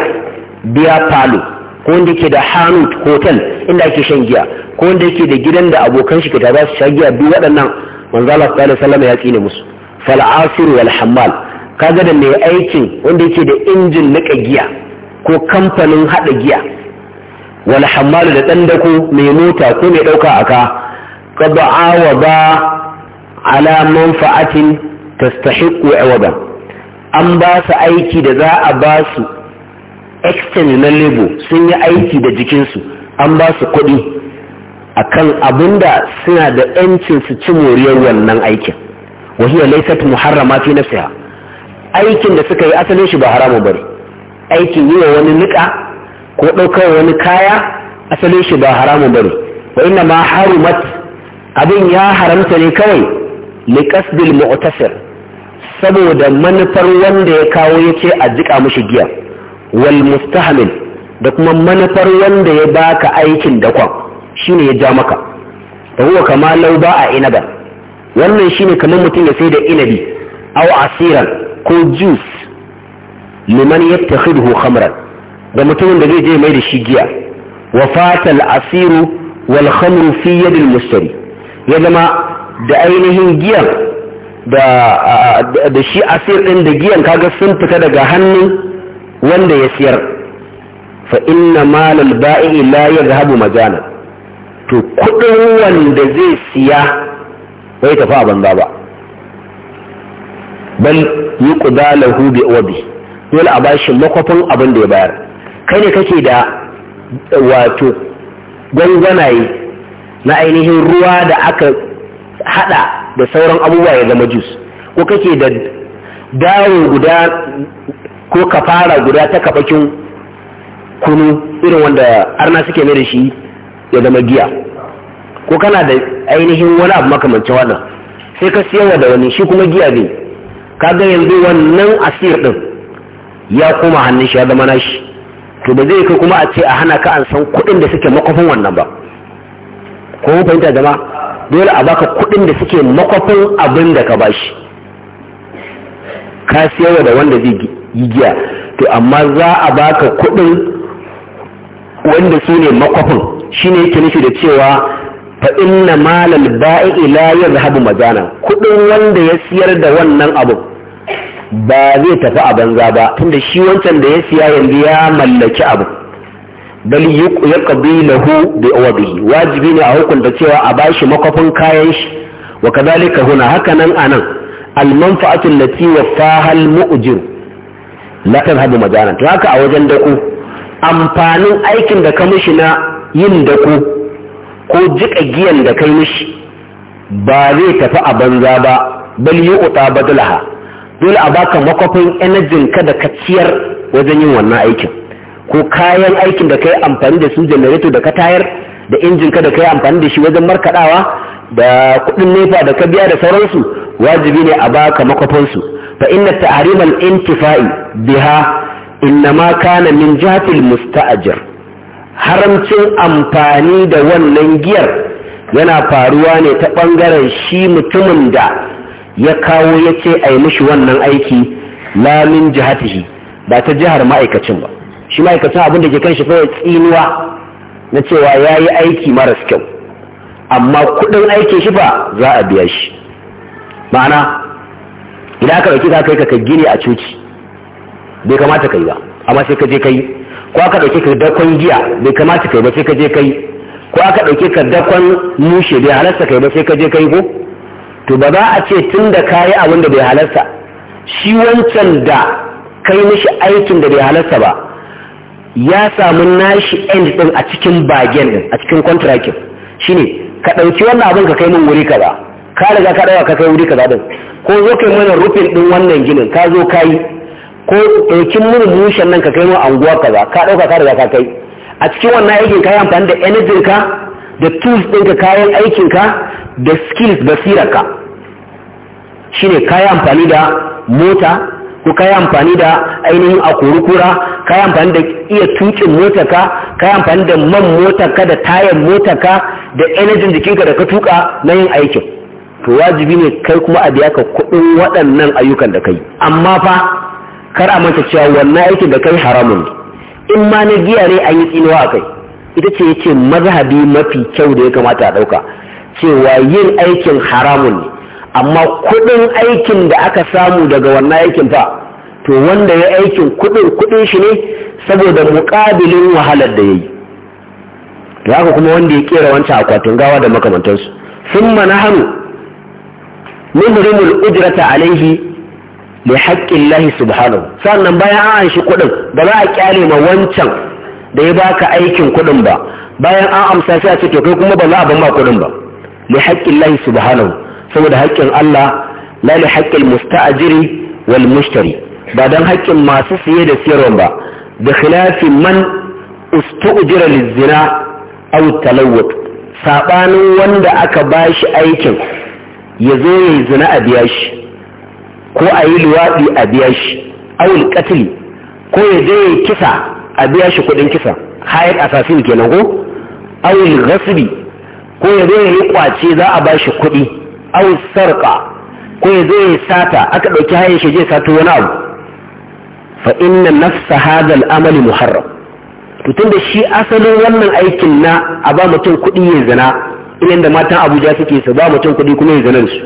biya palo ko wanda yake da hanut hotel inda ake shan giya ko wanda yake da gidan da abokan shi ta za su sha giya duk waɗannan manzo Allah sallallahu alaihi ya tsine musu fal asir wal hammal kaga da mai aikin wanda yake da injin nika giya ko kamfanin haɗa giya wal hammal da ɗan dako mai mota ko mai dauka aka قد عاوض على منفعة تستحق عوضا an ba su aiki da za a ba su external lebo sun yi aiki da jikinsu an ba su kuɗi a kan abinda suna da 'yancin su ci moriyar wannan aikin wahiyar laifat muharrama fi nafsiha aikin da suka yi asalin shi ba haramun bane aikin yi wa wani niƙa ko ɗaukar wani kaya asalin shi ba haramun bari wa ina ma harumat abin ya haramta ne kawai liƙasdil mu'tasir saboda manufar wanda ya kawo ya ce a jiƙa mushi giya wal mustahamil da kuma manufar wanda ya baka aikin dakon shine ya ja maka da huwa kama lauba a inaba wannan shine kamar mutum ya sai da inabi aw asiran ko juice liman yattakhidhu khamran da mutumin da zai je mai da shi giya wa fatal asiru wal khamru fi yadil mustari ya zama da ainihin giyan da shi asir ɗin da giyan kaga sun fita daga hannun wanda ya siyar fa inna malal ba'i la yadhhabu majana to kudin wanda zai siya bai tafi a banza ba bal yuqdalahu bi wabi dole a bashi makwafin abin da ya bayar kai ne kake da wato gwangwanaye na ainihin ruwa da aka hada da sauran abubuwa ya zama jus ko kake da dawo guda ko kafara guda ta kabakin kunu irin wanda arna suke mai da shi ya zama giya ko kana da ainihin wani abu makamancin wannan sai ka siyarwa da wani shi kuma giya ne kaga yanzu wannan asir din ya koma hannun shi ya zama nashi to ba zai kai kuma a ce a hana ka an san kuɗin da suke makwafin wannan ba ko mun fahimta dole a baka kuɗin da suke makwafin abin da ka bashi ka siyarwa da wanda zai yi giya to amma za a baka kuɗin wanda su ne makwafin shi ne yake nufi da cewa fa inna malal ba'i la yadhhabu majana kuɗin wanda ya siyar da wannan abu ba zai tafi a banza ba tunda shi wancan da ya siya yanzu ya mallaki abu bal yuqdi lahu bi awadihi wajibi ne a hukunta cewa a bashi makwafin kayan shi wa kadhalika huna hakanan anan al manfa'atu allati wafaha al mu'jir la tadhhabu majalan to haka a wajen dako amfanin aikin da ka mishi na yin dako ko jika giyan da kai mishi ba zai tafi a banza ba bal yuqta badalaha dole a baka makwafin energy ka da ka ciyar wajen yin wannan aikin ko kayan aikin da ka yi amfani da su janareto da ka tayar da injin ka da ka yi amfani da shi wajen markaɗawa da kuɗin nefa da ka biya da sauransu wajibi ne a baka makwafansu fa inna ta'rimal intifa'i biha innama kana min jihatil musta'jir haramcin amfani da wannan giyar yana faruwa ne ta bangaren shi mutumin da ya kawo yace ai mishi wannan aiki la min jihatihi ba ta jihar ma'aikacin ba shi ma'aikacin abin da ke kan shi kawai tsinuwa na cewa ya yi aiki maras kyau amma kudin aikin shi ba za a biya shi ma'ana idan aka ɗauki ka kai ka gini a coci bai kamata ka yi ba amma sai ka je ka yi ko aka ɗauke ka dakon giya bai kamata ka yi ba sai ka je ka yi ko aka ɗauke ka dakon mushe bai halarsa ka yi ba sai ka je ka yi ko to ba za a ce tun da ka yi abin da bai halarsa shi wancan da kai mishi aikin da bai halarsa ba ya samu nashi end din a cikin bagen din a cikin contracting shine ka dauki wannan abin ka kai min wuri kaza ka riga ka dawo ka kai wuri kaza din ko zo kai mana rufin din wannan ginin ka zo kai ko dauki mun mushen nan ka kai mun anguwa kaza ka dauka ka riga ka kai a cikin wannan aikin ka yi amfani da energy ka da tools ka kayan aikin ka da skills ka shine ka amfani da mota ko ka amfani da ainihin akurukura ka amfani da iya tukin motarka ka amfani da man motarka da tayan motaka, da energy jikinka da ka tuka na yin aikin to wajibi ne kai kuma a biya ka kuɗin waɗannan ayyukan da kai amma fa kar a manta cewa wannan aikin da kai haramun in ma na giya ne an yi tsinuwa a kai ita ce ya mazhabi mafi kyau da ya kamata a ɗauka cewa yin aikin haramun ne amma kudin aikin da aka samu daga wannan aikin fa to wanda ya aikin kudin kudin shi ne saboda mukabilin wahalar da yayi to haka kuma wanda ya kera wancan akwatin gawa da makamantansu sun mana hanu nimrimul ujrata alaihi li llahi subhanahu sannan bayan an anshi kudin ba za a kyale ma wancan da ya baka aikin kudin ba bayan an amsa shi a ce to kai kuma ba za a ban ma kudin ba li llahi subhanahu saboda haƙƙin Allah la li musta'ajiri musta'jiri wal mushtari ba dan haƙƙin masu siye da siyarwa ba da khilafi man ustu'jira lizina aw talawut sabanin wanda aka bashi aikin ya zo yayi zina a biya shi ko a yi luwaɗi a biya shi awul qatl ko ya je yi kisa a biya shi kuɗin kisa hayat assassin kenan ko awul ghasbi ko ya zo yi kwace za a bashi kuɗi aw sarqa ko ya zo ya sata aka dauki hayin shi je sato wani abu fa inna nafsa hadha al-amali muharram to tunda shi asalin wannan aikin na a ba mutum kuɗi ya zina irin da matan Abuja suke su ba mutum kuɗi kuma ya zina su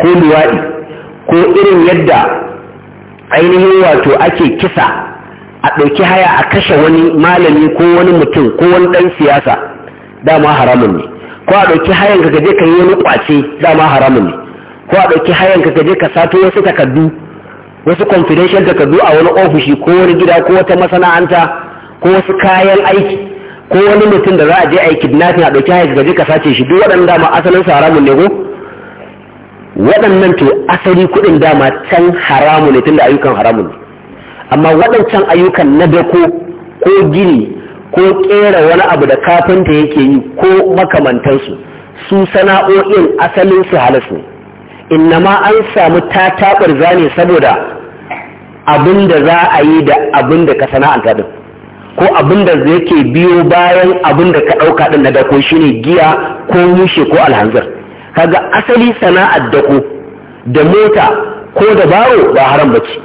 ko luwaɗi ko irin yadda ainihin wato ake kisa a ɗauki haya a kashe wani malami ko wani mutum ko wani ɗan siyasa dama haramun ne ko a ɗauki hayan ka je ka yi wani kwace dama haramun ne ko a ɗauki hayan ka je ka sato wasu takardu wasu confidential takardu a wani ofishi ko wani gida ko wata masana'anta ko wasu kayan aiki ko wani mutum da za a je a yi kidnapping a ɗauki hayan ka je ka sace shi duk waɗannan dama asalin su haramun ne ko waɗannan to asali kuɗin dama can haramun ne tunda ayyukan haramun ne amma waɗancan ayyukan na dako ko gini ko kera wani abu da kafinta yake yi ko makamantansu su sana'o'in asalin su halasu inna ma an samu ta tabar zane saboda abin da za a yi da abin da ka sana'anta din ko abin da yake biyo bayan abin da ka ɗauka din na dako shine giya ko mushe ko alhanzar kaga asali sana'ar dako da mota ko da baro ba haram bace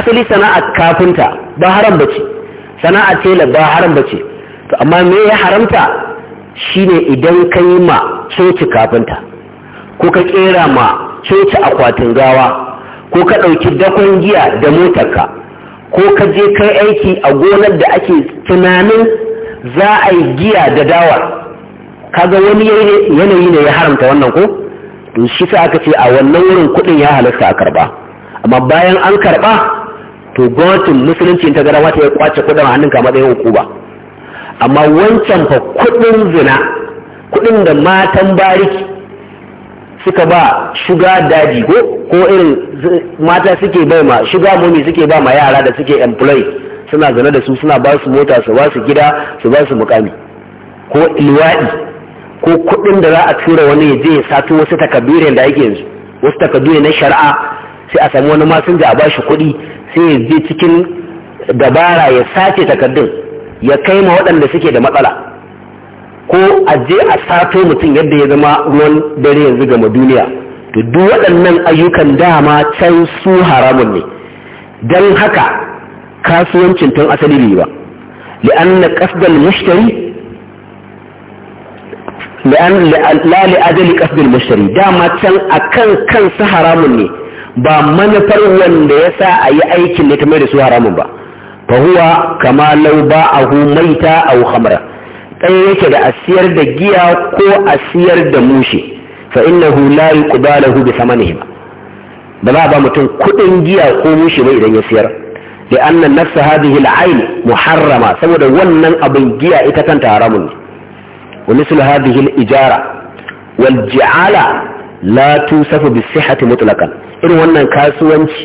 asali sana'ar kafinta ba haram bace sana'a tela ba haram ce, to amma me ya haramta shine idan ka yi ma coci kafinta ko ka kera ma coci akwatin gawa ko ka ɗauki dakon giya da motarka ko ka je kai aiki a gonar da ake tunanin za a yi giya da dawa kaga wani yanayi ne ya haramta wannan ko to shi sa aka ce a wannan wurin kuɗin ya halasta a karba amma bayan an karba to gwamnatin musulunci ta gara ta ya kwace kudin hannun da yau kuba amma wancan fa kudin zina kudin da matan bariki suka ba shuga daji ko ko irin mata suke bai ma shuga momi suke ba ma yara da suke employ suna zane da su suna ba su mota su ba su gida su ba su mukami ko liwaɗi ko kuɗin da za a tura wani ya je ya sato wasu takabirin da yake yanzu wasu takabirin na shari'a sai a samu wani masinja a ba shi kuɗi sai ya je cikin dabara ya sace takardun ya kai ma waɗanda suke da matsala ko a je a sato mutum yadda ya zama ruwan dare yanzu gama duniya to duk waɗannan ayyukan dama can su haramun ne don haka kasuwancin tun asali ne ba li'anna qasdal mushtari la li'adali qasdal mushtari dama can akan kansa haramun ne ba manufar wanda ya sa a yi aikin da ta mai da su haramun ba fahuwa kama lau ba a hu maita a hamra ɗan yake da asiyar da giya ko asiyar da mushe fa innahu la yuqbalu bi samanihim ba za ba mutum kuɗin giya ko mushe ba idan ya siyar da annan nafsa hadhihi al-ayn muharrama saboda wannan abin giya ita kanta haramun ne wa mislu hadhihi al-ijara wal ji'ala la tusafu bi sihati mutlaqan irin wannan kasuwanci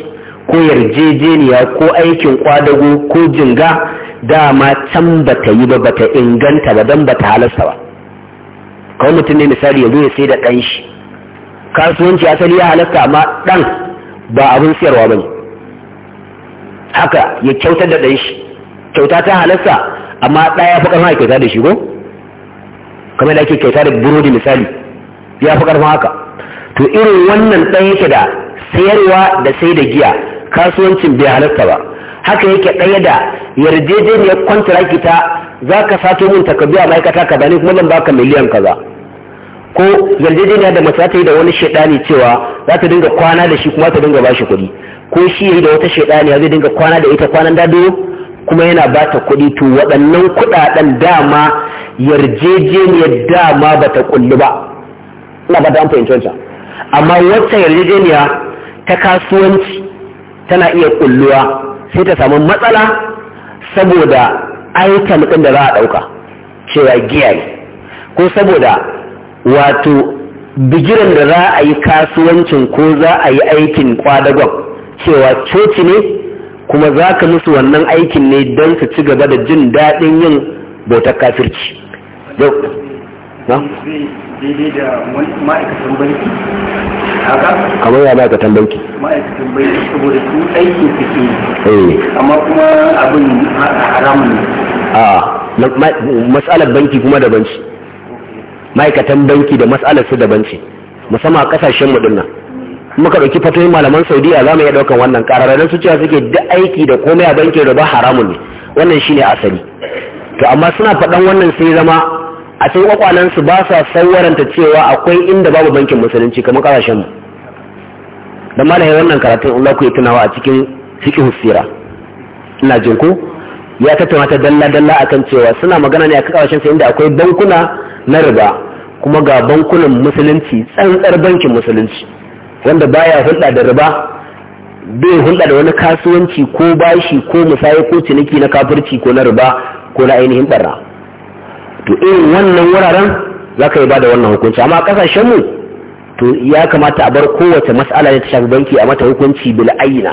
ko yarjejeniya ko aikin kwadago ko jinga dama can ba ta yi ba ta inganta ba dan ta halasta ba kawai mutum ne misali ya zo ya sai da ɗan shi kasuwanci asali ya halasta amma ɗan ba abin siyarwa ba ne haka ya kyautar da ɗan shi kyauta ta halasta amma ɗaya fi ƙarfin kyauta da shi ko kamar da ake kyauta da burodi misali ya fi ƙarfin haka to irin wannan ɗan yake da sayarwa da sai da giya kasuwancin bai halarta ba haka yake ɗaya da yarjejeniyar kwantaraki ta za ka sato min takardu a ma'aikata kaza ne kuma zan baka miliyan kaza ko yarjejeniya da mace ta yi da wani shaidani cewa za ta dinga kwana da shi kuma ta dinga bashi kuɗi ko shi yi da wata shaidaniya zai dinga kwana da ita kwanan daduro kuma yana ba ta kuɗi to waɗannan kuɗaɗen dama yarjejeniyar dama ba ta kulli ba ina ba ta an wancan amma wata yarjejeniya ta kasuwanci tana iya kulluwa sai ta samu matsala saboda aikin ɗin da za a ɗauka cewa giya ko saboda wato bigiran da za a yi kasuwancin ko za a yi aikin kwadagon cewa coci ne kuma za ka musu wannan aikin ne don su ci gaba da jin daɗin yin bautar kafirci Ka da ma'aikatan banki kamar ya ma'aikatan banki banki saboda eh. amma kuma abin haramun a matsalar banki kuma da banci ma'aikatan banki da matsalar su da banci musamman a kasashen mu dinnan muka ɗauki fatoyin malaman saudiya za mu iya ɗaukan wannan ƙararren su cewa suke da aiki da komai a bankin da ba haramun ne wannan shine asali to amma suna faɗan wannan sai zama a cikin kwakwalansu ba sa sauwaranta cewa akwai inda babu bankin musulunci kamar kasashenmu da yi wannan karatun Allah ku yi tunawa a cikin fiqh sira ina jin ku ya ta ta dalla dalla akan cewa suna magana ne a kasashen inda akwai bankuna na riba kuma ga bankunan musulunci tsantsar bankin musulunci wanda baya hulɗa da riba bai hulɗa da wani kasuwanci ko bashi ko musaye ko ciniki na kafirci ko na riba ko na ainihin barra to irin wannan wuraren za ka yi ba da wannan hukunci amma a mu to ya kamata a bar kowace matsala ne ta shafi banki a mata hukunci bil ayyina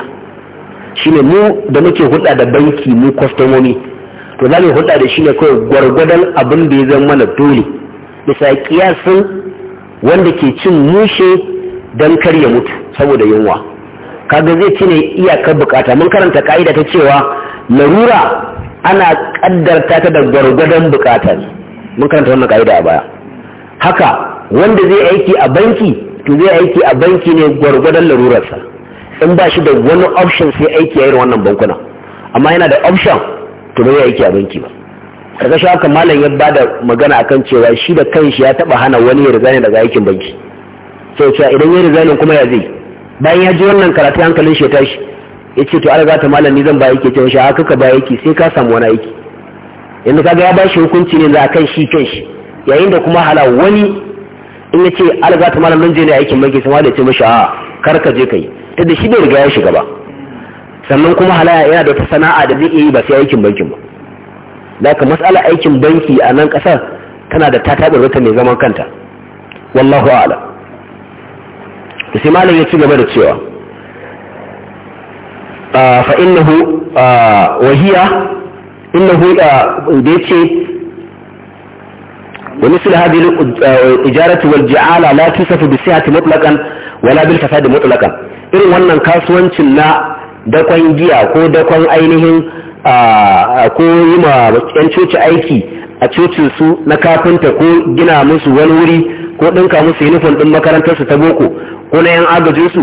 shine mu da muke hulɗa da banki mu kwastomomi to za mu hulɗa da shi ne kawai gwargwadon abin da ya zama mana dole bisa kiyasin wanda ke cin mushe don kar ya mutu saboda yunwa kaga zai ci ne iyakar bukata mun karanta ka'ida ta cewa larura ana kaddarta ta da gwargwadon bukata mun karanta wannan ka'ida a baya haka wanda zai aiki a banki to zai aiki a banki ne gwargwadon larurarsa in ba shi da wani option sai aiki a irin wannan bankuna amma yana da option to ba zai aiki a banki ba kaga shi haka malam ya bada magana akan cewa shi da kanshi ya taba hana wani ya riga daga aikin banki sai cewa idan ya riga kuma ya zai bayan ya ji wannan karatu hankalin shi ya tashi ya ce to an riga ta malam ni zan ba yake cewa shi haka ka ba aiki sai ka samu wani aiki yanzu kaga ya bashi hukunci ne za kan shi kan shi yayin da kuma hala wani in ya ce alga ta malam je ne aikin mai sama da ce mashi a karka ka je ka ta da shi bai riga ya shiga ba sannan kuma hala yana da ta sana'a da zai iya yi ba sai aikin bankin ba da ka matsala aikin banki a nan kasar tana da tatabar bata mai zaman kanta wallahu da sai malam ya ci gaba da cewa fa innahu ah, wahiya innahu da yake ومثل هذه الإجارة والجعالة لا توصف بصحة مطلقا ولا بالفساد مطلقا irin wannan kasuwancin na dakon giya ko dakon ainihin ko yi ma yan coci aiki a cocin su na kafinta ko gina musu wani wuri ko ɗinka musu yunifon ɗin makarantarsu ta boko ko na yan agajinsu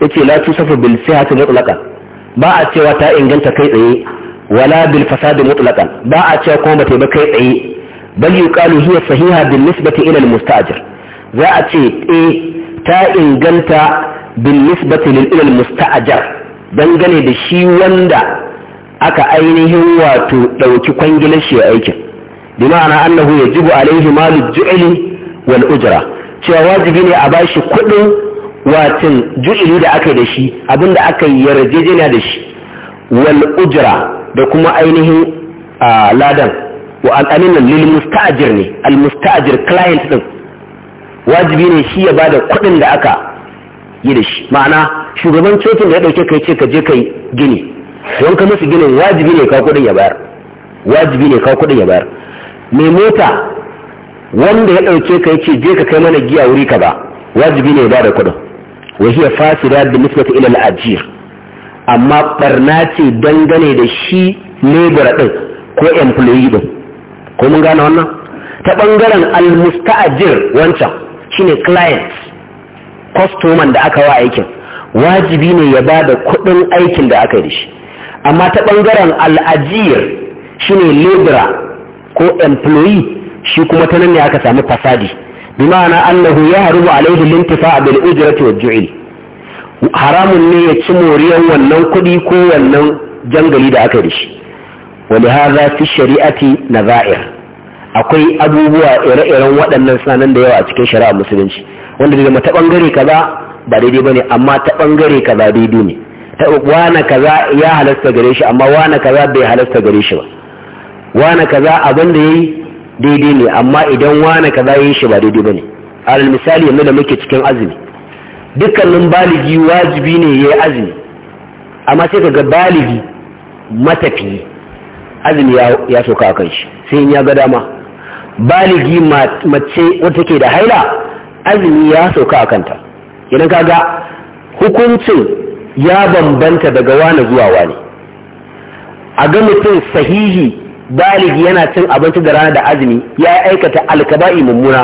ya ce la tusafa bil sihati mutlaka ba a cewa ta inganta kai tsaye wala bil fasad mutlaqan ba a cewa kuma bata ba kai tsaye bal yuqalu hiya sahiha bin nisbati ila al mustajir za a ce eh ta inganta bin nisbati lil ila al mustajar dangane da shi wanda aka ainihin wato dauki kwangilar shi aikin bi ma'ana annahu yajibu alaihi malu ju'li wal cewa wajibi ne a bashi kuɗin watin ju'ili da aka yi da shi abinda aka yi yarjejeniya da shi wal da kuma ainihin ladan wa al'aminan lil musta'jir ne al musta'ajir client din wajibi ne shi ya bada kuɗin da aka yi da shi ma'ana shugaban cocin da ya ɗauke kai ce ka je kai gini don ka musu ginin wajibi ne kawo kuɗin ya bayar wajibi ne kawo kuɗin ya bayar mai mota wanda ya ɗauke ka ce je ka kai mana giya wuri ka ba wajibi ne ya bada kuɗin wa hiya fasida bi nisbati ila al-ajir amma barna ce dangane da shi lebura ɗin ko employee din, ko mun gane wannan ta ɓangaren almusta'ajir wancan shine client customer da aka wa aikin wajibi ne ya ba da kuɗin aikin da aka yi da shi amma ta ɓangaren al'ajiyar shine lebura ko employee shi kuma ta nan ne aka sami fasadi bi ma'ana annahu ya harubu alaihi lintifa bil ujrati wal ju'il haramun ne ya ci moriyar wannan kudi ko wannan jangali da aka da shi wani haza fi shari'ati na za'ir akwai abubuwa ire-iren waɗannan sanan da yawa a cikin shari'a musulunci wanda daga mata ta ɓangare kaza ba daidai ba ne amma ta ɓangare kaza daidai ne ta wane kaza ya halasta gare shi amma wane kaza bai halasta gare shi ba wane kaza abin da ya yi daidai ne amma idan wane kaza ya yi shi ba daidai ba ne alal misali yanzu da muke cikin azumi dukkanin baligi wajibi ne ya yi azumi amma sai ga baligi matafi azumi ya soka a kan shi sai ya ga dama baligi mace wata ke da haila azumi ya soka a kanta idan kaga hukuncin ya bambanta daga wani zuwa wani a ga mutum sahihi baligi yana cin abinci da rana da azumi ya aikata alkaba'i mummuna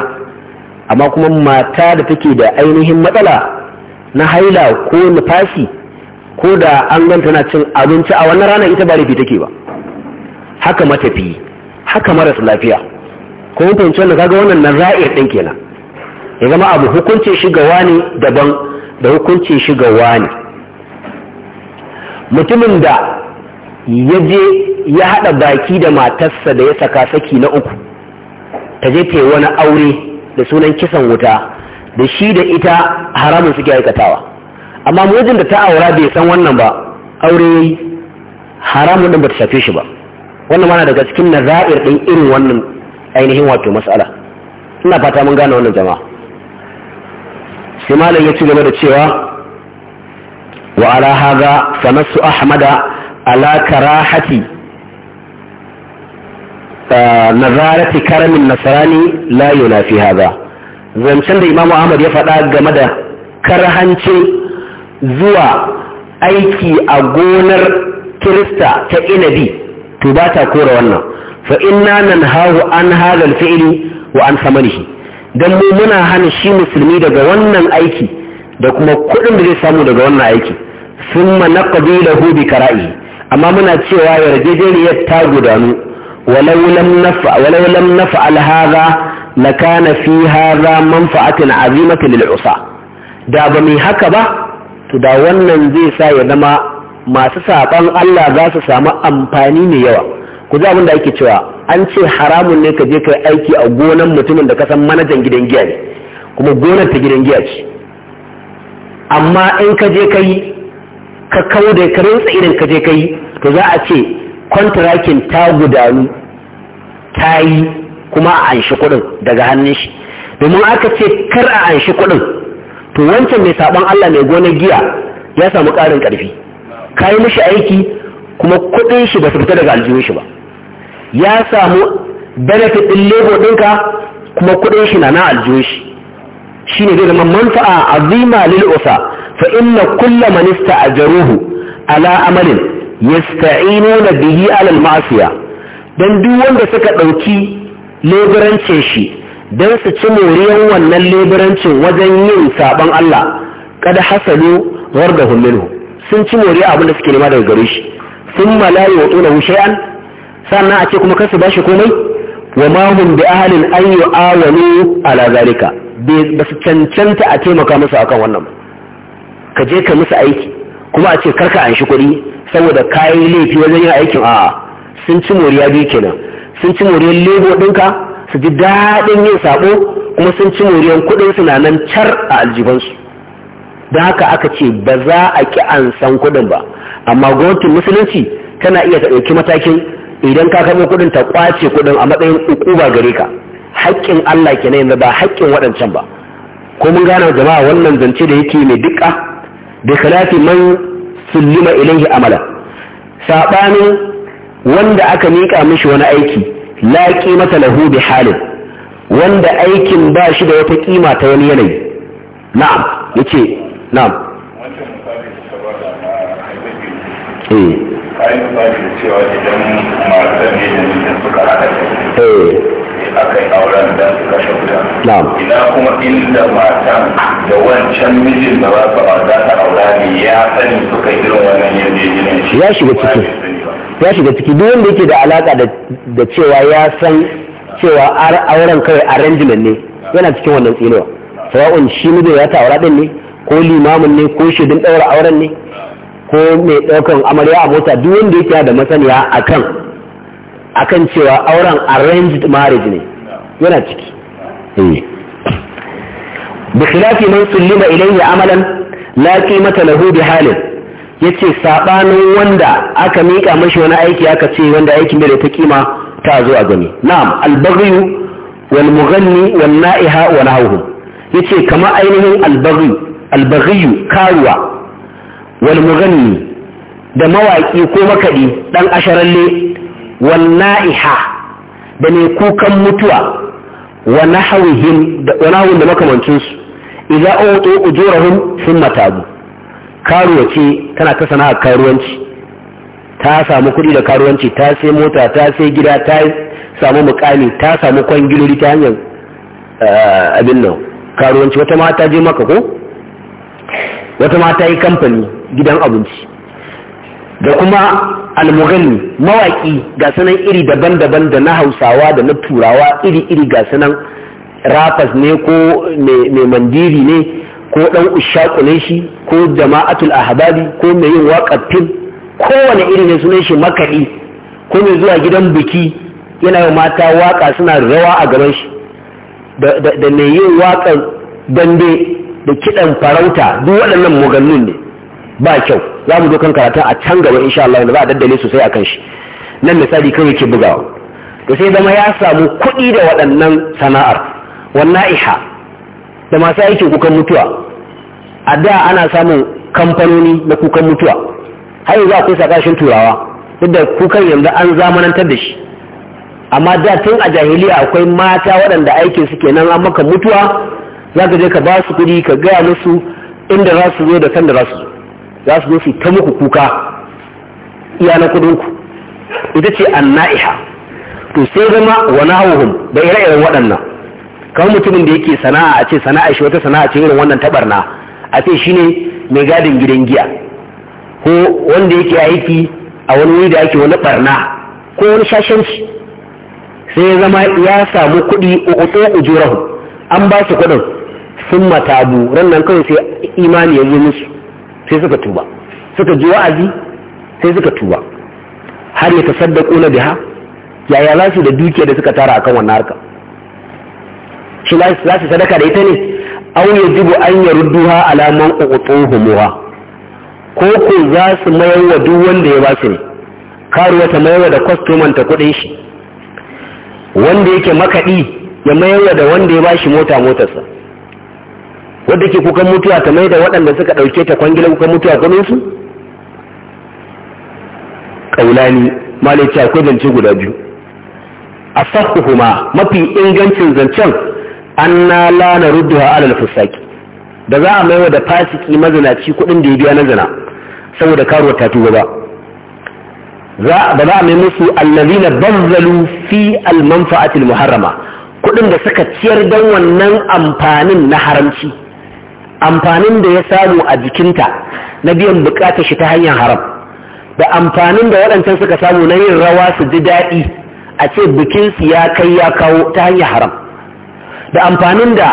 amma kuma mata da take da ainihin matsala na haila ko nufashi ko da an ganta na cin abinci a wannan ranar ita ba rufi take ba haka matafi haka maras lafiya ko ka wanda wannan kaga wannan naza'ir din kenan ya zama abu hukunci shi ga daban da hukunci shigawa ne. mutumin da ya je ya haɗa baki da matarsa da ya saka saki na uku ta je ta wani aure da sunan kisan wuta da shi da ita haramun suke aikatawa amma mujin da ta aura bai san wannan ba aure yayi haramun din bata shafe shi ba wannan mana daga cikin nazair din irin wannan ainihin wato mas'ala ina fata mun gane wannan jama'a sai malam ya ci gaba da cewa wa ala haga fanasu ahmada ala karahati eh, nazarati karamin Nasarani la yunafi haza zancen da imamu ahmad ya faɗa game da karhancin zuwa aiki a gonar kirista ta inabi to ba ta kora wannan fa inna nan an halal fi'ili wa an samanihi don mu muna hana shi musulmi daga wannan aiki da kuma kuɗin da zai samu daga wannan aiki sun mana ƙabilahu bi kara'i amma muna cewa yarjejeniyar ta gudanu walau lam nafa alhaza lakana fi hadha manfa'atin azimatu lil usa da ba mai haka ba to da wannan zai sa ya zama masu saban Allah za su samu amfani mai yawa ku ji abin da ake cewa an ce haramun ne ka je kai aiki a gonan mutumin da ka san manajan gidan giya ne kuma gonar ta gidan giya ce amma in ka je kai ka kawo da ka rantsa irin ka je kai to za a ce kontrakin ta gudanu ta yi kuma a anshi kuɗin daga hannun shi domin aka ce kar a anshi kuɗin to wancan mai saban Allah mai gonar giya ya samu ƙarin ƙarfi ka yi mishi aiki kuma kuɗin shi ba su fita daga aljihun shi ba ya samu benefit ɗin lebo ɗinka kuma kuɗin shi na na aljihun shi shine zai zama manfa'a azima lil usa fa inna kullu man ista'jaruhu ala amalin yasta'inuna bihi ala al-ma'siya dan duk wanda suka dauki leburancin shi don su ci moriyan wannan leburancin wajen yin sabon Allah kada hasalu warga hulminu sun ci moriya abinda suke nema daga gare shi sun malayi wa tsola shay'an sannan a ce kuma kasu ba shi komai wa mahun bi ahalin an yi awani ala zalika ba su cancanta a taimaka musu akan wannan ka je ka musu aiki kuma a ce karka an shi kuɗi saboda kayan laifi wajen yin aikin a sun ci moriya biyu kenan sun ci moriyar lebo ɗinka su ji daɗin yin sabo kuma sun ci moriyar kuɗin suna nan car a aljibansu Da haka aka ce ba za a ki an san kuɗin ba amma gwamnatin musulunci tana iya ta ɗauki matakin idan ka karɓo kuɗin ta ƙwace kuɗin a matsayin ukuba gare ka haƙƙin Allah kenan yanzu ba haƙƙin waɗancan ba ko mun gane jama'a wannan zance da yake mai duka da khilafi man sullima ilaihi amala sabanin wanda aka miƙa mishi wani aiki la mata lahu bi halin wanda aikin ba shi da wata ƙima ta wani yanayi na'am yace na'am eh ai misali da cewa idan matan ne da suka haɗa eh aka yi auren don su kashe wuta ina kuma inda matan da wancan mijin da ba su za ta aura ne ya sani su kai irin wannan yarjejeniyar shi ya shiga ciki ya shiga ciki duk wanda yake da alaka da cewa ya san cewa auren kawai arrangement ne yana cikin wannan tsinewa sawa'un shi mijin ya ta aura din ne ko limamin ne ko shaidun daura auren ne ko mai ɗaukan amarya a mota duk wanda yake da masaniya akan akan cewa auren arranged marriage ne yana ciki eh. bi khilafi man sullima ilayhi amalan la qimata lahu bi halin yace sabanin wanda aka mika mashi wani aiki aka ce wanda aikin bai da ta kima ta zo a gani na'am al-baghyu wal mughanni wan na'iha wa nahawhum yace kamar ainihin al-baghyu al karuwa wal mughanni da mawaki ko makadi dan asharalle walla'iha da ne kukan mutuwa wa nahawihim da wanawun da makamancinsu idza utu ujurahum thumma tabu karuwa ce tana ta sana'a karuwanci ta samu kuɗi da karuwanci ta sai mota ta sai gida ta samu mukami ta samu kwangilori ta hanyar eh, abin nan karuwanci wata mata je maka ko wata mata yi kamfani gidan abinci da kuma almughani mawaki ga sanan iri daban-daban da na hausawa da na turawa iri-iri ga sanan rafas ne ko mai mandiri ne ko dan ushaku ne shi ko jama'atul ahbabi ko mai yin waƙar kowane iri ne sunan shi makaɗi ko mai zuwa gidan biki yana yi mata waka suna rawa a gaban shi da mai yin waƙar dande da kiɗan farauta duk waɗannan mugannin ne ba kyau za mu zo kan karatu a can gaba insha Allah wanda za a daddale sosai akan shi nan misali kawai ke bugawa to sai zama ya samu kuɗi da waɗannan sana'ar Wannan iha da masu aikin kukan mutuwa a da ana samun kamfanoni na kukan mutuwa har yanzu akwai sakashin turawa duk da kukan yanzu an zamanantar da shi amma da tun a jahiliya akwai mata waɗanda aikin su kenan an maka mutuwa za ka je ka ba su kuɗi ka gaya musu inda za su zo da da za su zo za su zo su ta muku kuka iya na ku. ita ce anna'iha to sai zama wa nahuhum da ire-iren waɗannan kawai mutumin da yake sana'a a ce sana'a shi wata sana'a ce irin wannan tabarna a ce shine mai gadin gidan giya ko wanda yake aiki a wani wuri da yake wani barna ko wani shashanci sai zama ya samu kuɗi uku ujurahu an ba su kuɗin sun matabu ran nan kawai sai imani ya zo musu sai suka tuba suka ji wa'azi sai suka tuba har ya tasaddaqu na biha yaya za su da dukiya da suka tara akan wannan harka shi za su sadaka da ita ne aw yajibu an alaman ala man utuhumuha ko ko za su mayar wa duk wanda ya ba su ne karuwa ta mayar da kwastoman ta kudin shi wanda yake makaɗi ya mayar da wanda ya ba shi mota motarsa wadda ke kukan mutuwa ta mai da waɗanda suka ɗauke ta kwangilar kukan mutuwa ganin su ƙaunani akwai zance guda biyu a sakuhuma mafi ingancin zancen an na lana a alal fusaki da za a maiwa da fasiki mazinaci kuɗin da ya biya na zina saboda karuwa ta tuba ba ba za a mai musu allazina bazzalu fi almanfa'atil muharrama kuɗin da suka ciyar don wannan amfanin na haramci amfanin da ya samu a jikinta na biyan bukatar shi ta hanyar haram da amfanin da waɗancan suka samu na yin rawa su ji daɗi a ce bikinsu ya kai ya kawo ta hanyar haram da amfanin da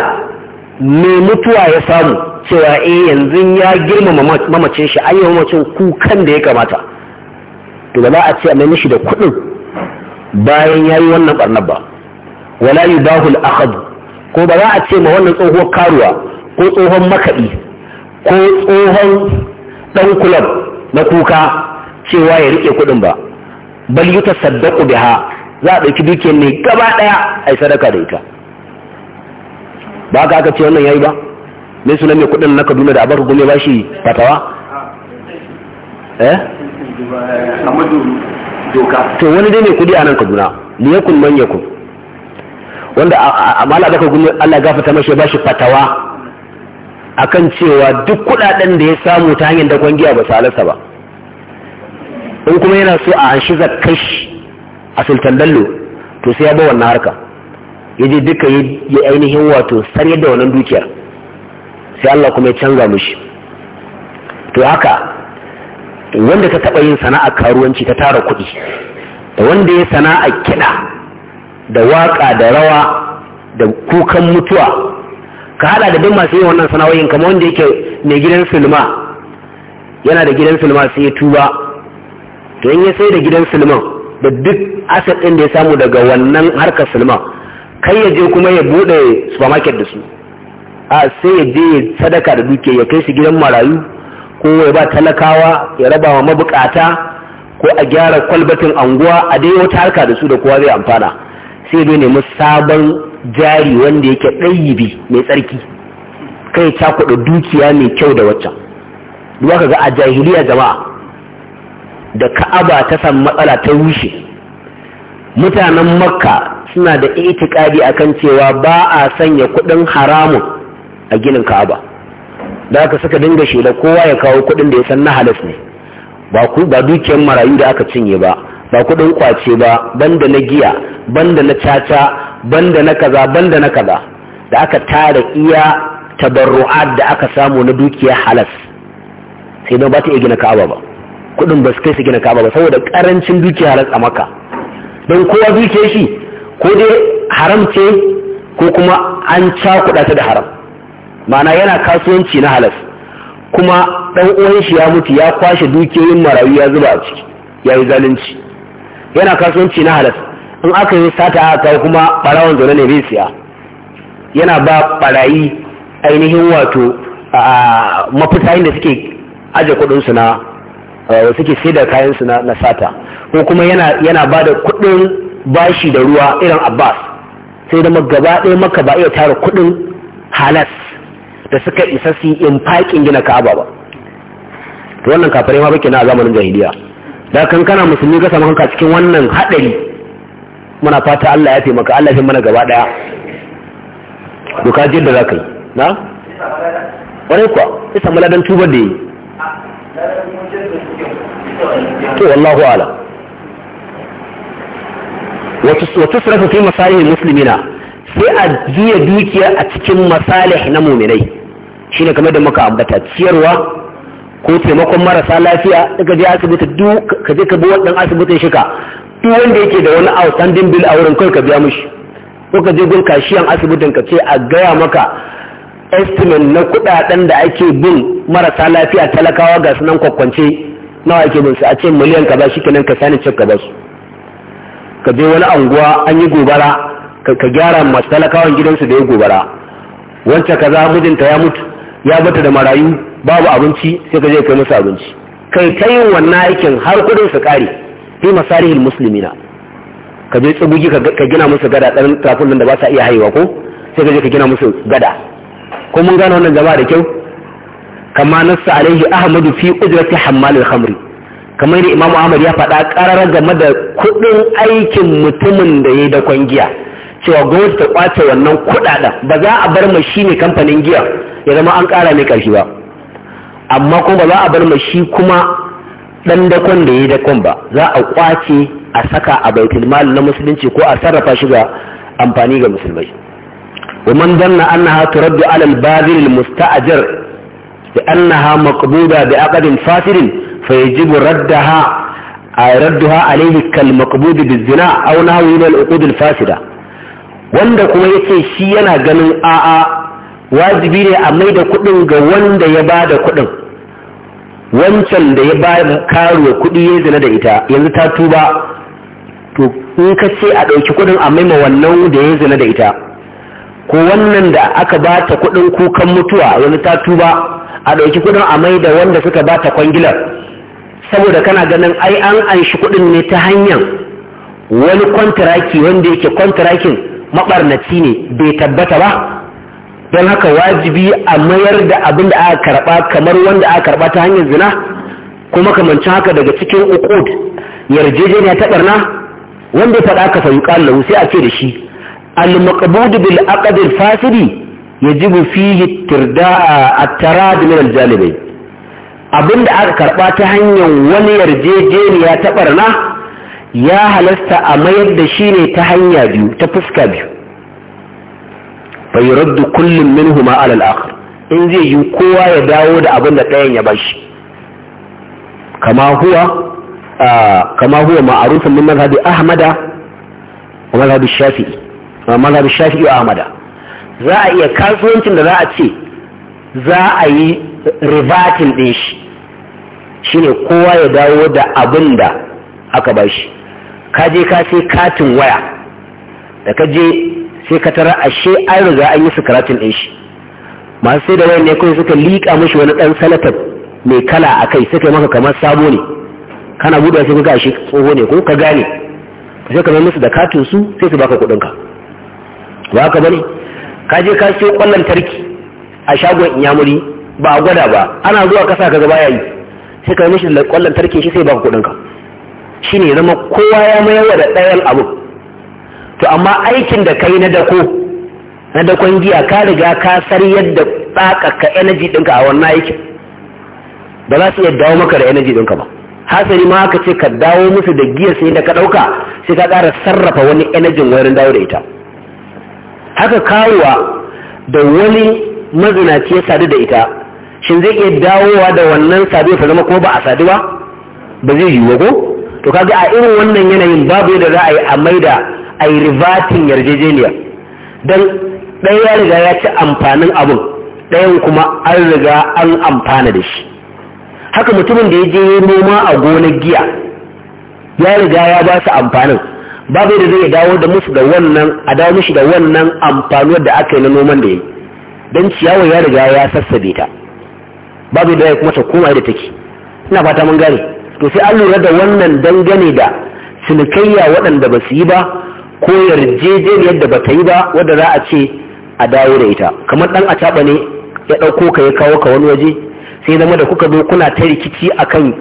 mai mutuwa ya samu cewa eh yanzu ya girmama mamacin shi an yi mamacin kukan da ya kamata to ba za a ce a mai da kuɗin bayan ya yi wannan ɓarnar ba wala yi bahul akhadu ko ba za a ce ma wannan tsohuwar karuwa ko tsohon makaɗi ko tsohon ɗan kulab na kuka cewa ya riƙe kuɗin ba bal yi ta saddaku ha za a ɗauki dukiyar ne gaba ɗaya a yi sadaka da ita ba ka aka ce wannan yayi ba me suna mai kuɗin na kaduna da abar gome ba shi fatawa eh to wani dai mai kuɗi a nan kaduna kun manya ku. wanda a mala baka gome Allah gafata mashi ba shi fatawa akan cewa duk kudaden da ya samu ta hanyar da kwangiya ba salasa ba in kuma yana so a anshi zakash a sultan dallo to sai ya ba wannan harka ya je duka ya ainihin wato sanye da wannan dukiyar sai Allah kuma ya canza mushi to haka wanda ta taɓa yin sana'a karuwanci ta tara kuɗi da wanda ya sana'a kiɗa da waƙa da rawa da kukan mutuwa ka hada da duk masu yin wannan sana'o'in kamar wanda yake mai gidan sulma yana da gidan sulma sai ya tuba to in ya sai da gidan sulman da duk asad ɗin da ya samu daga wannan harkar sulma kai ya je kuma ya buɗe supermarket da su a sai ya je sadaka da duke ya kai su gidan marayu ko ya ba talakawa ya raba wa mabukata ko a gyara kwalbatin anguwa a dai wata harka da su da kowa zai amfana sai ya nemi sabon jari wanda yake ɗayyibi mai tsarki kai cakuɗa dukiya mai kyau da waccan duwa ka ga a jahiliya jama'a da ka'aba ta san matsala ta rushe mutanen makka suna da itikadi akan cewa ba a sanya kuɗin haramun a ginin ka'aba da aka suka dinga shela kowa ya kawo kuɗin da ya san na halas ne ba ba dukiyar marayu da aka cinye ba ba kudin kwace ba banda na giya banda na caca banda na kaza banda na kaza da aka tara iya tabarru'at da aka samu na dukiya halas sai don ba ta iya gina ka'aba ba kudin ba su kai su gina ka'aba ba saboda karancin dukiya halas a maka don kowa dukiya shi ko dai haram ce ko kuma an ca ta da haram ma'ana yana kasuwanci na halas kuma ɗan uwan shi ya mutu ya kwashe dukiyoyin marayu ya zuba a ciki ya yi zalunci yana kasuwanci na halas in aka yi sata aka kawo kuma barawan zaune ne bai siya yana ba barayi ainihin wato a da suke aje kudinsu na suke sai da kayansu na sata ko kuma yana ba da kudin bashi da ruwa irin abbas sai da gaba ɗaya maka ba iya tara kudin halas da suka isa su yi in faƙin gina ka'aba ba wannan kafare ma bake na zamanin jahiliya da kan kana musulmi ka samun kanka cikin wannan haɗari muna fata Allah ya taimaka Allah ya mana gaba ɗaya doka jin da za ka yi na? wani kuwa isa samu tubar da yi to wallahu ala wata surafa fi masalihin na. sai a juya dukiya a cikin masalih na muminai ne kamar da muka ambata ciyarwa ko taimakon marasa lafiya ka je asibiti duk ka je ka bi wannan asibitin shika duk wanda yake da wani outstanding bill a wurin kai ka biya mishi ko ka je gun kashiyan asibitin ka ce a gaya maka estimate na kudaden da ake bin marasa lafiya talakawa ga sunan kwakwance nawa ake bin su a ce miliyan ka ba shi kenan ka sani cek ka ba su ka je wani anguwa an yi gobara ka gyara masu talakawan gidansu da ya gobara wancan kaza mijinta ya mutu ya bata da marayu babu abinci sai ka je kai musu abinci kai ta yin wannan aikin har kudin su kare fi musulmi na? ka je tsibugi ka gina musu gada ɗan tafin da ba sa iya haihuwa ko sai ka je ka gina musu gada ko mun gane wannan jama'a da kyau kama nasu alaihi ahmadu fi udrati hammalil khamri kamar da imamu ahmad ya faɗa ƙarar game da kuɗin aikin mutumin da ya yi da giya cewa gwamnati ta kwace wannan kuɗaɗen ba za a bar mashi shi ne kamfanin giya ya zama an ƙara mai ƙarfi ba amma kuma ba za a bar shi kuma ɗan dakon da ya dakon ba za a kwace a saka a baitul mal na musulunci ko a sarrafa shi ga amfani ga musulmai wa man danna annaha turaddu ala al-badil al-musta'jir bi annaha maqbuda bi aqdin fasirin fa yajibu raddaha raddaha alayhi kal maqbud bi zina aw nahwi min al-uqud al-fasida wanda kuma yace shi yana ganin a'a wajibi ne a maida kudin ga wanda ya bada kudin wancan da ya ba karuwa kuɗi ya zina da ita yanzu ta tuba to in ka ce a ɗauki kuɗin a maima wannan da ya zina da ita ko wannan da aka ba ta kuɗin kukan mutuwa yanzu ta tuba a ɗauki kuɗin a mai da wanda suka ba ta kwangilar saboda kana ganin ai an anshi kuɗin ne ta hanyar wani kwantaraki wanda yake kwantarakin maɓarnaci ne bai tabbata ba don haka wajibi a mayar da abin da aka karba kamar wanda aka karba ta hanyar zina kuma kamancin haka daga cikin ukud yarjejeniya ta barna wanda ya faɗa ka fa yuqal sai a ce da shi al maqbud bil aqd al fasidi yajibu fihi tirda'a at-tarad min al Abin abinda aka karba ta hanyar wani yarjejeniya ta barna ya halasta a mayar da shi ne ta hanya biyu ta fuska biyu fa yuraddu kullum minhuma ala alal akhar in zai yi kowa ya dawo da abin da ɗayan ya bashi kama huwa kama huwa ma'arufin min mazhabi ahmada wa mazhabi shafi'i wa mazhabi shafi'i wa ahmada za a iya kasuwancin da za a ce za a yi rivatin ɗin shi shine kowa ya dawo da abin da aka bashi ka je ka sai katin waya da ka je sai ka tara ashe an riga an yi sukaratin ɗin shi masu sai da wayan ne kawai suka liƙa mashi wani ɗan salatar mai kala a kai suka yi maka kamar sabo ne kana buɗe sai kaga ashe tsoho ne ko ka gane sai ka musu da katin su sai su baka kuɗinka ba ka bane ka je ka sai ƙwallon tarki a shagon inyamuri ba a gwada ba ana zuwa kasa ka gaba yayi sai ka yi mishi da ƙwallon tarki shi sai baka kuɗinka shine zama kowa ya mayar da ɗayan abu to amma aikin da kai na dako na dakon giya ka riga ka sar yadda tsakaka energy ɗinka a wannan aikin ba za su iya dawo maka da energy ɗinka ba hasari ma aka ce ka dawo musu da giya sai da ka ɗauka sai ka ƙara sarrafa wani energy wurin dawo da ita haka kawowa da wani mazinaci ya sadu da ita shin zai iya dawowa da wannan sadu ta zama ko ba a sadu ba ba zai yiwu ko to kaga a irin wannan yanayin babu yadda za a yi a maida a yi rivatin yarjejeniya don ɗaya ya riga ya ci amfanin abin ɗayan kuma an riga an amfana da shi haka mutumin da ya je noma a gona giya ya riga ya ba su amfanin babu da zai dawo da musu da wannan a dawo mishi da wannan amfanuwar da aka yi na noman da ya yi don ciyawar ya riga ya sassabe ta babu da ya kuma ta koma da take ina fata mun gane to sai an lura da wannan dangane da cinikayya waɗanda ba su yi ba ko yarjejeniyar da bata yi ba wadda za a ce a dawo da ita kamar dan a ne ya dauko ka ya kawo ka wani waje sai zama da kuka zo kuna ta rikici akan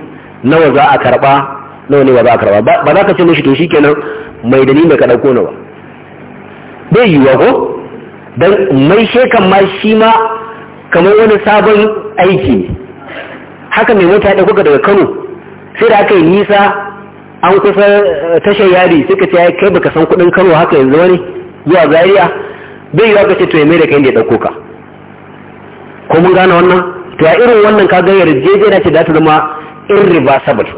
nawa za a karɓa nawa ne ba za a karɓa ba za ka ce mishi to shikenan mai dalilin da ka na nawa bai wa ko don mai shekan ma shi ma kamar wani sabon aiki haka mai mota ɗaya kuka daga kano sai da aka yi nisa an kusa eh, tashar yari suka ce kai baka san kudin kano haka yanzu wani zuwa Zariya. bai yi ka ce to ya mai da kai da ya ɗauko ka ko mun gane wannan to a irin wannan ka ga yarjejena ce da ta zama irreversible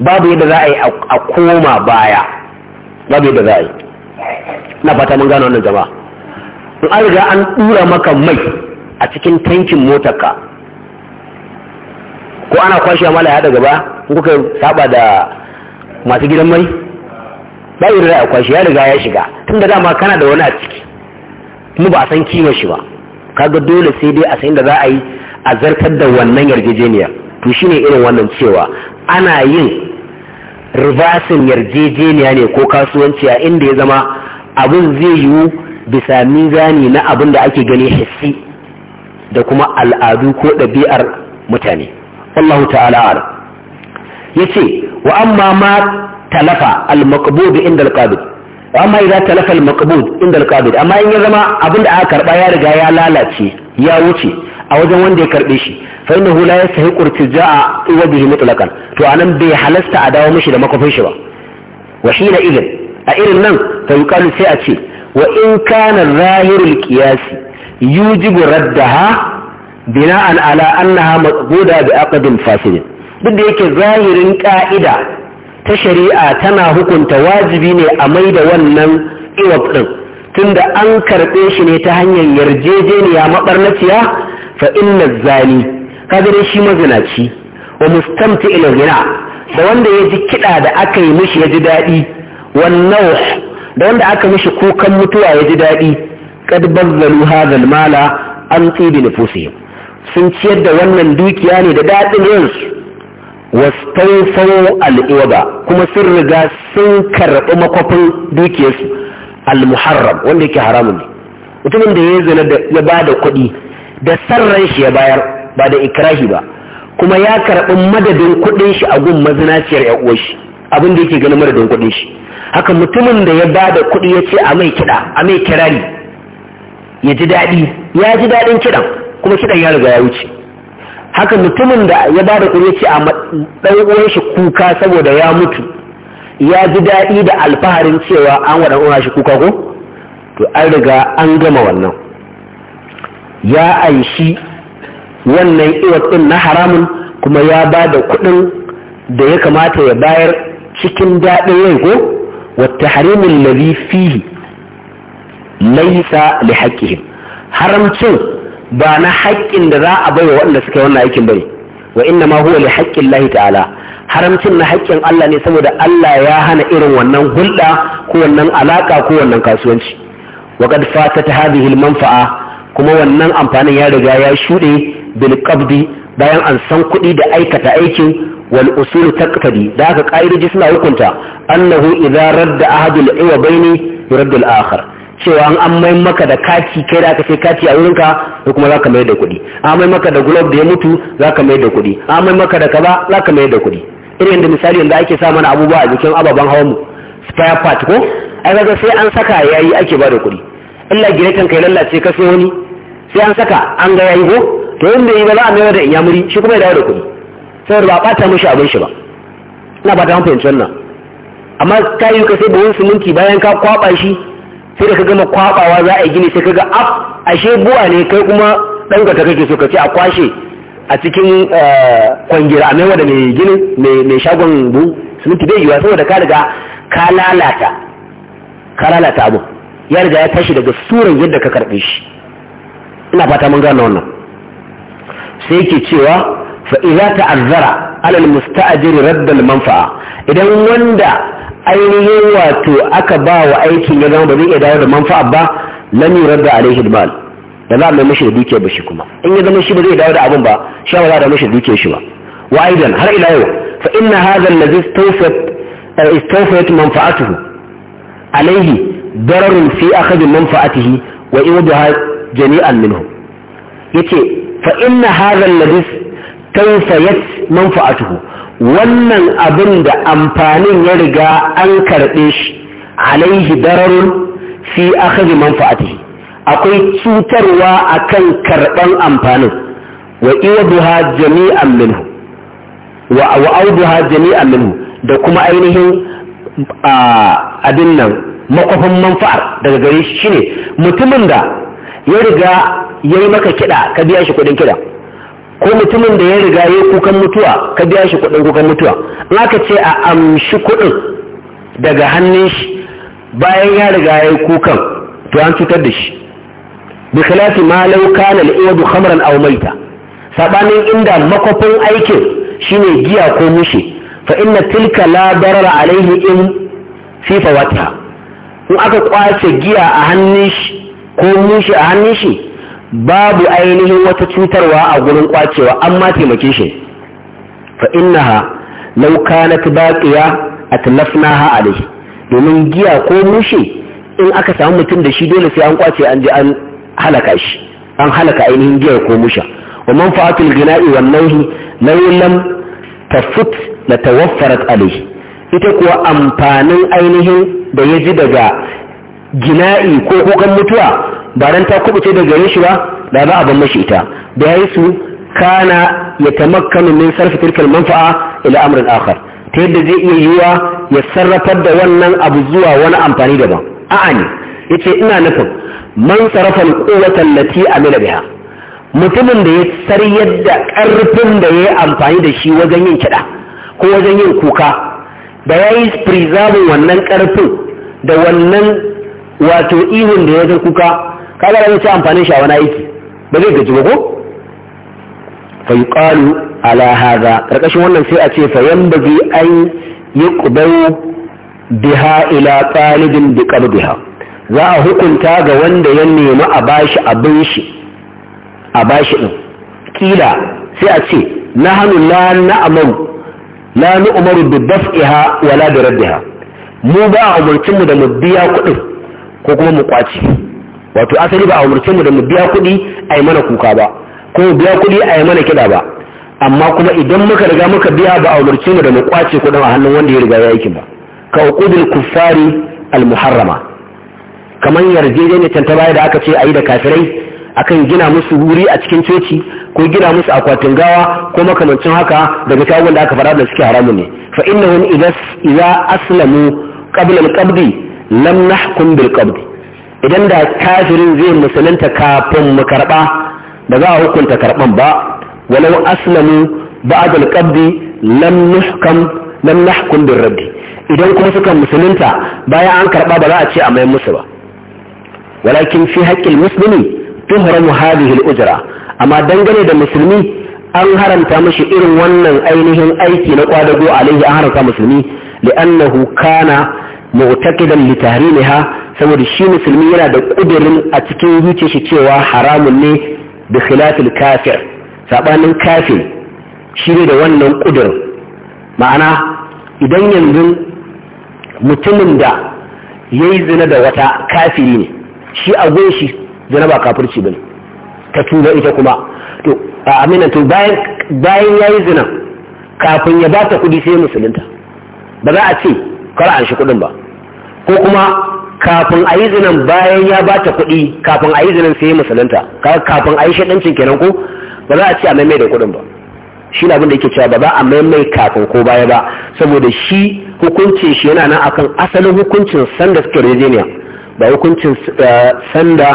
babu yadda za a yi a koma baya babu yadda za a yi na fata mun gane wannan jama'a in an riga an dura maka mai a cikin tankin motar ka. ko ana kwashe mala ya daga ba in kuka saba da masu gidan mai ba yi rai a kwashi ya riga ya shiga tun da dama kana da wani a ciki kuma ba a san kima shi ba kaga dole sai dai a san da za a yi a zartar da wannan yarjejeniyar to shi ne irin wannan cewa ana yin ribasin yarjejeniya ne ko kasuwanci a inda ya zama abin zai yiwu bisa mizani na abin da ake gani hissi da kuma al'adu ko ɗabi'ar mutane wallahu ta'ala ya ce wa amma ma talafa al-maqbud in al amma in ya zama abin da aka karba ya riga ya lalace ya wuce a wajen wanda ya karbe shi fa innahu la yastahiqu irtija'a iwajihi mutlaqan to anan bai halasta a dawo mishi da makofin shi ba wa hina a irin nan fa yuqalu sai a ce wa in kana zahirul qiyasi yujibu raddaha bina'an ala annaha maqbuda bi aqdin fasidin duk da yake zahirin ka'ida ta shari'a tana hukunta wajibi ne a mai da wannan iwab ɗin tunda an karɓe shi ne ta hanyar yarjejeniya maɓarnaciya fa inna zani kaga dai shi mazinaci wa mustamti ila zina da wanda ya ji kiɗa da aka yi mishi ya ji daɗi wannan da wanda aka mishi kukan mutuwa ya ji daɗi kad bazzalu hadha mala an tsibi nufusihim sun ciyar da wannan dukiya ne da daɗin yansu wastaufau al'iwada kuma sun riga sun karɓi makwafin dukiyarsu al-muharram wanda yake haramun ne mutumin da ya zina da ya ba da kuɗi da sarran shi ya bayar ba da ikrahi ba kuma ya karɓi madadin kuɗin shi a gun mazinaciyar ya shi abin da yake ganin madadin kuɗin shi haka mutumin da ya ba da kuɗi ya ce a mai kiɗa a mai kirari ya ji daɗi ya ji daɗin kiɗan kuma kiɗan ya riga ya wuce haka mutumin da ya ba da ƙuri a matsayin shi kuka saboda ya mutu ya ji daɗi da alfaharin cewa an waɗan shi kuka ko to an riga an gama wannan ya aishi wannan ɗin na haramun kuma ya ba da kuɗin da ya kamata ya bayar cikin daɗin rai ko wata harimin lalifi laisa li haƙƙihim haramcin ba na haƙƙin da za a bai wa waɗanda suka yi wannan aikin bane wa inna ma huwa li haƙƙin lahi ta'ala haramcin na haƙƙin Allah ne saboda Allah ya hana irin wannan hulɗa ko wannan alaƙa ko wannan kasuwanci wa qad fatata hadhihi al-manfa'a kuma wannan amfanin ya riga ya shuɗe bil qabdi bayan an san kuɗi da aikata aikin wal usul taqtadi da haka ƙa'idoji suna hukunta annahu idza radda ahadul iwabaini yuraddu al-akhar cewa an mai maka da kati kai da aka ce kati a wurinka da kuma za ka mai da kuɗi an mai maka da gulob da ya mutu za ka mai da kuɗi an mai maka da kaza za ka mai da kuɗi irin da misali yanzu ake sa mana abubuwa a jikin ababen hawan mu spare part ko ai kaga sai an saka yayi ake ba da kuɗi illa giretan kai lallace ka sai wani sai an saka an ga yayi ko to yanda yi ba za a mai da inyamuri shi kuma ya dawo da kuɗi saboda ba a ɓata mushi abin shi ba ina ba ta fahimci wannan amma kayu ka sai buhun siminti bayan ka kwaba shi sai da ka gama kwabawa za a yi gini sai ka ga af ashe buwa ne kai kuma dangata kake so ka ce a kwashe a cikin eh, kwangira a maiwa da mai gini mai shagon bu siminti bai yiwa saboda ka riga ka lalata ka lalata abu ya riga ya tashi daga suran yadda ka karɓe shi ina fata mun gane wannan sai ke cewa fa idza ta'azzara alal musta'jir raddal al manfa'a idan wanda ainihin wato aka ba wa aikin ya zama ba zai iya dawo da manfa'a ba lam da alaihi almal da za a mai mashi da dukiyar ba shi kuma in ya zama shi ba zai dawo da abin ba sha ba za a mashi dukiyar shi ba wa aidan har ila yau fa inna hadha allazi istawfat eh, istawfat manfa'atuhu alaihi dararun fi akhadh manfa'atihi wa iwdaha jami'an minhu yace fa inna hadha allazi tawfayat manfa'atuhu wannan abin da amfanin ya riga an karɓe shi alaihi dararun fi akhadhi manfa'atihi akwai cutarwa akan karɓan amfanin wa iwaduha jami'an minhu wa jami'an minhu da kuma ainihin abin nan makwafin manfa'ar daga gare shi shine mutumin da ya riga yayi maka kiɗa ka biya shi kuɗin kiɗa ko mutumin da ya riga ya kukan mutuwa ka biya shi kudin kukan mutuwa in aka ce a amshi kudin daga hannun shi bayan ya riga ya kukan to an cutar da shi bi khilafi ma law kana al-iwadu khamran aw maita sabanin inda makofin aikin shine giya ko mushi fa inna tilka la darara alayhi in fi fawatiha in aka kwace giya a hannun shi ko mushi a hannun shi babu ainihin wata cutarwa a gurin kwacewa amma taimake shi fa innaha law kanat baqiya atlafnaha alayhi domin giya ko mushe in aka samu mutum da shi dole sai an kwace an je an halaka shi an halaka ainihin giyar ko musha wa manfa'atul gina'i wan nawhi law lam tafut la tawaffarat alayhi ita kuwa amfanin ainihin da ya daga gina'i ko kukan mutuwa ba dan ta kubuce daga gare shi ba da za a ban mashi ita da yayi su kana ya tamakkanu min sarfi tilkal manfa'a ila amrin akhar ta yadda zai iya yiwa ya sarrafar da wannan abu zuwa wani amfani daban a'a ne yace ina nufin man sarrafa al-quwwata allati amila biha mutumin da ya sarrayar da karfin da ya amfani da shi wajen yin kida ko wajen yin kuka da ya yi preserving wannan karfin da wannan wato ihun da ya kuka kaga da zai amfanin shi a wani aiki ba zai gaji ba ko fa yuqalu ala hadha karkashin wannan sai a ce fa yanbaghi an yuqbalu biha ila talibin bi qabdiha za a hukunta ga wanda ya nemi a bashi abin shi a bashi din kila sai a ce nahnu la na'maru la nu'maru bi daf'iha wala bi raddiha mu ba a umarcinmu da mu biya kuɗin ko kuma mu kwaci wato asali ba a umarce mu da mu biya kuɗi a yi mana kuka ba ko mu biya kuɗi a yi mana kiɗa ba amma kuma idan muka riga muka biya ba a umarce mu da mu kwace kuɗin a hannun wanda ya riga ya yi ba ka uqudul kuffari al muharrama kamar yarjejeniyar ta baya da aka ce a yi da kafirai akan gina musu wuri a cikin coci ko gina musu akwatin gawa ko makamancin haka daga shagon da aka fara da suke haramun ne fa innahum idza aslamu qabla al-qabdi lam nahkum bil qabdi idan da kafirin zai musulunta kafin mu karba. ba za a hukunta karɓan ba walau aslamu ba a qabdi lam nuhkam lam idan kuma suka musulunta bayan an karɓa ba za a ce a mai musu ba walakin fi haƙƙil muslimi mu hadhihi al-ujra amma dangane da musulmi an haramta mashi irin wannan ainihin aiki na kwadago alaihi an haramta musulmi li'annahu kana mu'taqidan li tahrimiha saboda shi musulmi yana da ƙudirin a cikin zuciya shi cewa haramun ne da khilafil kafir sabanin kafir shi ne da wannan ƙudurin ma'ana idan yanzu mutumin da ya yi zina da wata kafiri ne shi a shi zina ba kafirci ba ne ta tuba ita kuma to a amina to bayan ya yi zina kafin ya ba ta kudi sai musulunta ba za a ce kar an shi kudin ba ko kuma kafin a yi zinan bayan ya ba ta kuɗi kafin a yi zinan sai musulunta kafin a yi shaɗancin kenan ko ba za a ce a maimai da kuɗin ba shi abin da yake cewa ba za a maimai kafin ko baya ba saboda shi hukuncin shi yana nan akan asalin hukuncin sanda suke rejeniya ba hukuncin eh, sanda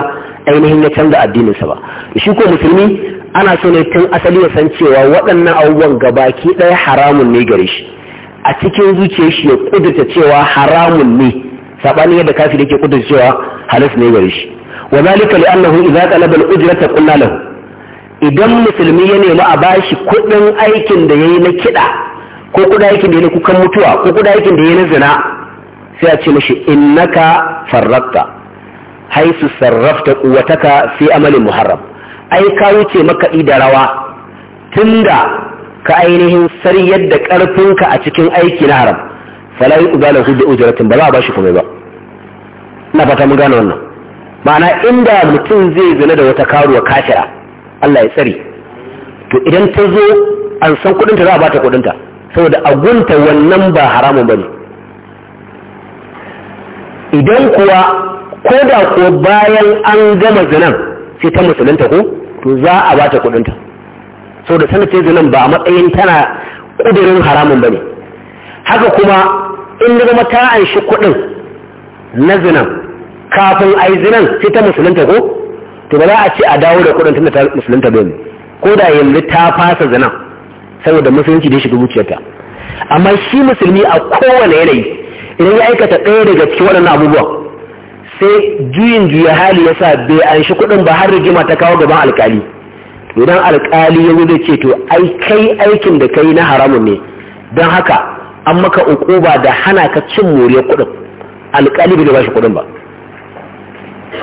ainihin ya canza addininsa ba shi ko musulmi ana so ne tun asali ya san cewa waɗannan abubuwan gabaki ɗaya haramun ne gare shi a cikin zuciyar shi ya kudurta cewa haramun ne sabani yadda da yake kudin cewa halis ne gari shi wa zalika li annahu idza talaba al ujrata qulna lahu idan musulmi ya nemi a bashi kudin aikin da yayi na kida ko kudin aikin da yayi na kukan mutuwa ko kudin aikin da yayi na zina sai a ce mishi innaka farrakta haisu sarrafta quwwataka fi amalin muharram ai ka wuce makaɗi da rawa tunda ka ainihin sariyar da ƙarfinka a cikin aiki na haram wala yi ugalan su da ujaratin ba za a bashi komai ba ina fata mun gane wannan ma'ana inda mutum zai zina da wata karuwa kafira Allah ya tsare to idan ta zo an san ta za a bata ta saboda a gunta wannan ba haramun bane idan kuwa ko da ko bayan an gama zinan sai ta musulunta ko to za a bata ta saboda sanin ta zinan ba a matsayin tana kudirin haramun bane haka kuma in da mata ta anshi kuɗin na zinan kafin a yi zinan sai ta musulunta ko to ba za a ce a dawo da kuɗin tun da ta musulunta ba ne ko da yanzu ta fasa zinan saboda musulunci da shiga zuciyarta amma shi musulmi a kowane yanayi idan ya aikata ɗaya daga cikin waɗannan abubuwan sai juyin juya hali ya sa bai anshi kuɗin ba har rigima ta kawo gaban alkali idan alkali ya zai ce to ai kai aikin da kai na haramun ne don haka an maka ba da hana ka cin moriyar kuɗin alƙali bai ba shi kuɗin ba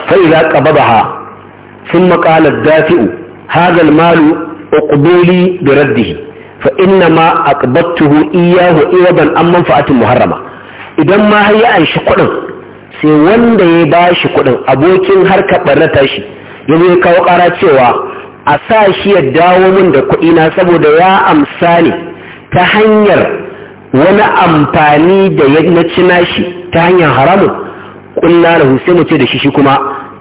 sai za ka baba ha sun dafi'u hagal malu uqbuli bi raddihi fa inna ma aqbattuhu iyyahu iwadan an manfa'atin muharrama idan ma har ya anshi kuɗin sai wanda ya ba shi kuɗin abokin harka barnata shi ya kawo ƙara cewa a sa shi ya dawo min da na saboda ya amsa ne ta hanyar wani amfani da ya na cina shi ta hanyar haramun kulla da sai mu ce da shi shi kuma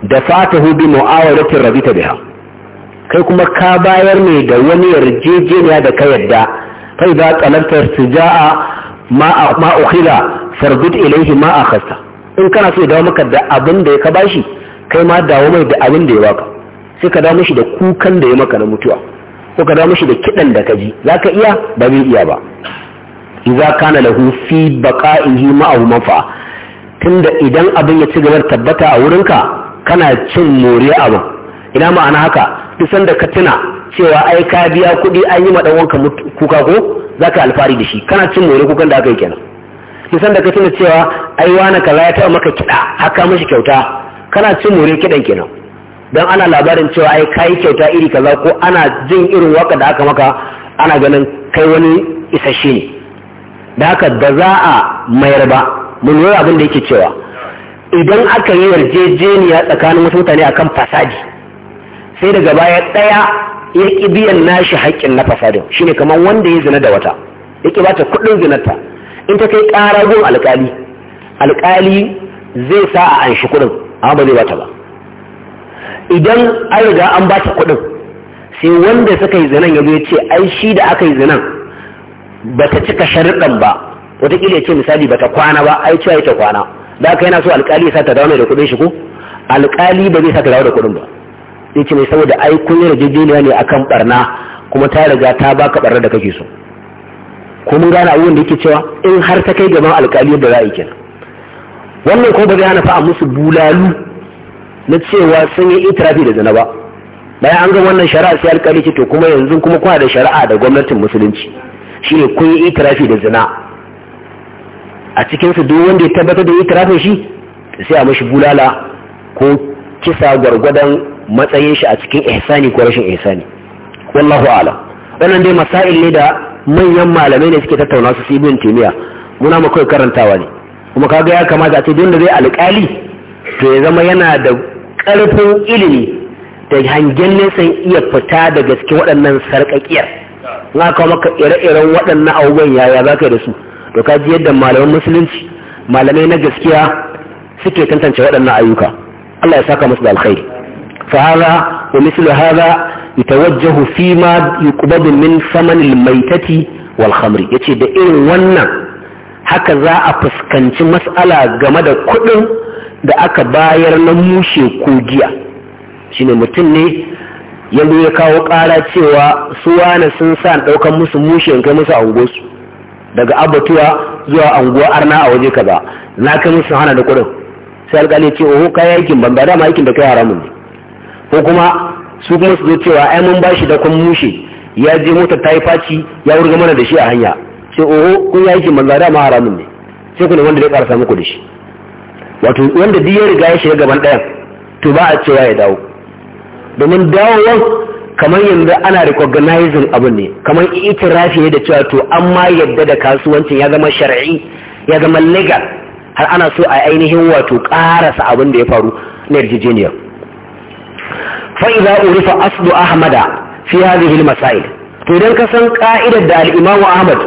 da hu bi rabi rabita biha kai kuma ka bayar ne da wani yarjejeniya da ka yadda kai za kalantar suja'a ma ukhila farbit ilayhi ma akhasta in kana so ya dawo maka da abin da ya ka bashi kai ma dawo mai da abin da ya baka sai ka dawo mishi da kukan da ya maka na mutuwa ko ka dawo mishi da kiɗan da ka ji zaka iya ba zai iya ba iza kana lahu fi baqa'ihi aw mafa tunda idan abin ya ci gaba tabbata a wurinka kana cin moriya abin ina ma'ana haka duk sanda ka tuna cewa ai ka biya kuɗi an yi madan wanka kuka ko zaka alfari da shi kana cin moriya kukan da aka yi kenan duk sanda ka tuna cewa ai wani kaza ya taba maka kiɗa haka mishi kyauta kana cin moriya kiɗan kenan dan ana labarin cewa ai kayi kyauta iri kaza ko ana jin irin waka da aka maka ana ganin kai wani isasshe ne da haka ba za a mayar ba mun yi abin da yake cewa idan aka yi yarjejeniya tsakanin wasu mutane akan fasadi sai daga baya ɗaya ya ƙi biyan nashi haƙƙin na fasadin shine kamar wanda ya zina da wata ya ƙi bata kuɗin zinarta in ta kai ƙara gun alƙali alƙali zai sa a anshi kuɗin amma ba zai bata ba idan an riga an bata kuɗin sai wanda suka yi zinan ya ce ai shi da aka yi zinan bata cika sharuɗan ba wataƙila ya ce misali ta kwana ba ai cewa ita kwana da aka yana so alƙali ya sa ta dawo da kuɗin shi ko alƙali ba zai sa ta dawo da kuɗin ba zai ce mai saboda ai kun yi rajajeniya ne akan barna kuma ta riga ta baka barna da kake so ko mun gane abubuwan da yake cewa in har ta kai gaban alƙali da za a yi kenan wannan ko ba zai hana fa'a musu bulalu na cewa sun yi itirafi da zina ba bayan an ga wannan shari'a sai alƙali ce to kuma yanzu kuma kuna da shari'a da gwamnatin musulunci Shi ne kun yi itirafi da zina a cikinsu duk wanda ya tabbatar da itirafin shi sai a mashi bulala ko kisa gwargwadon matsayin shi a cikin ihsani ko rashin ihsani wallahu alam wannan dai masail ne da manyan malamai ne suke tattauna su sibin taymiya muna mu kai karantawa ne kuma kaga ya kamata a ce duk zai alƙali to ya zama yana da ƙarfin ilimi da hangen nesan iya fita daga cikin waɗannan sarƙaƙiyar na kawo maka ire-iren waɗannan abubuwan yaya za ka da su to ka ji yadda malaman musulunci malamai na gaskiya suke tantance waɗannan ayyuka Allah ya saka musu da alkhairi fa hada wa mislu hada yatawajjahu fi ma yuqbadu min saman almaytati wal khamri yace da irin wannan haka za a fuskanci mas'ala game da kuɗin da aka bayar na mushe ko giya shine mutum ne yanzu ya kawo ƙara cewa su wane sun sa ɗaukan musu mushe in kai musu angosu daga abatuwa zuwa anguwa arna a waje kaza na kai musu hana da kuɗin sai alƙali ce oho kai aikin ban ba dama aikin da kai haramun ne ko kuma su kuma su zo cewa ai mun bashi da kun mushe ya je motar ta yi faci ya wurga mana da shi a hanya sai oho kun yi aikin banza dama haramun ne sai ku ne wanda zai ƙarasa muku da shi wato wanda duk ya riga ya shiga gaban ɗayan to ba a cewa ya dawo domin dawowar kamar yanzu ana recognizing abin ne kamar ita ne da cewa to an ma yadda da kasuwancin ya zama shari'i ya zama legal har ana so a ainihin wato karasa abin da ya faru na yarjejeniyar fa'iza Urufa aslu ahmada fi hadhihi al to idan ka san ka'idar da al-imamu ahmad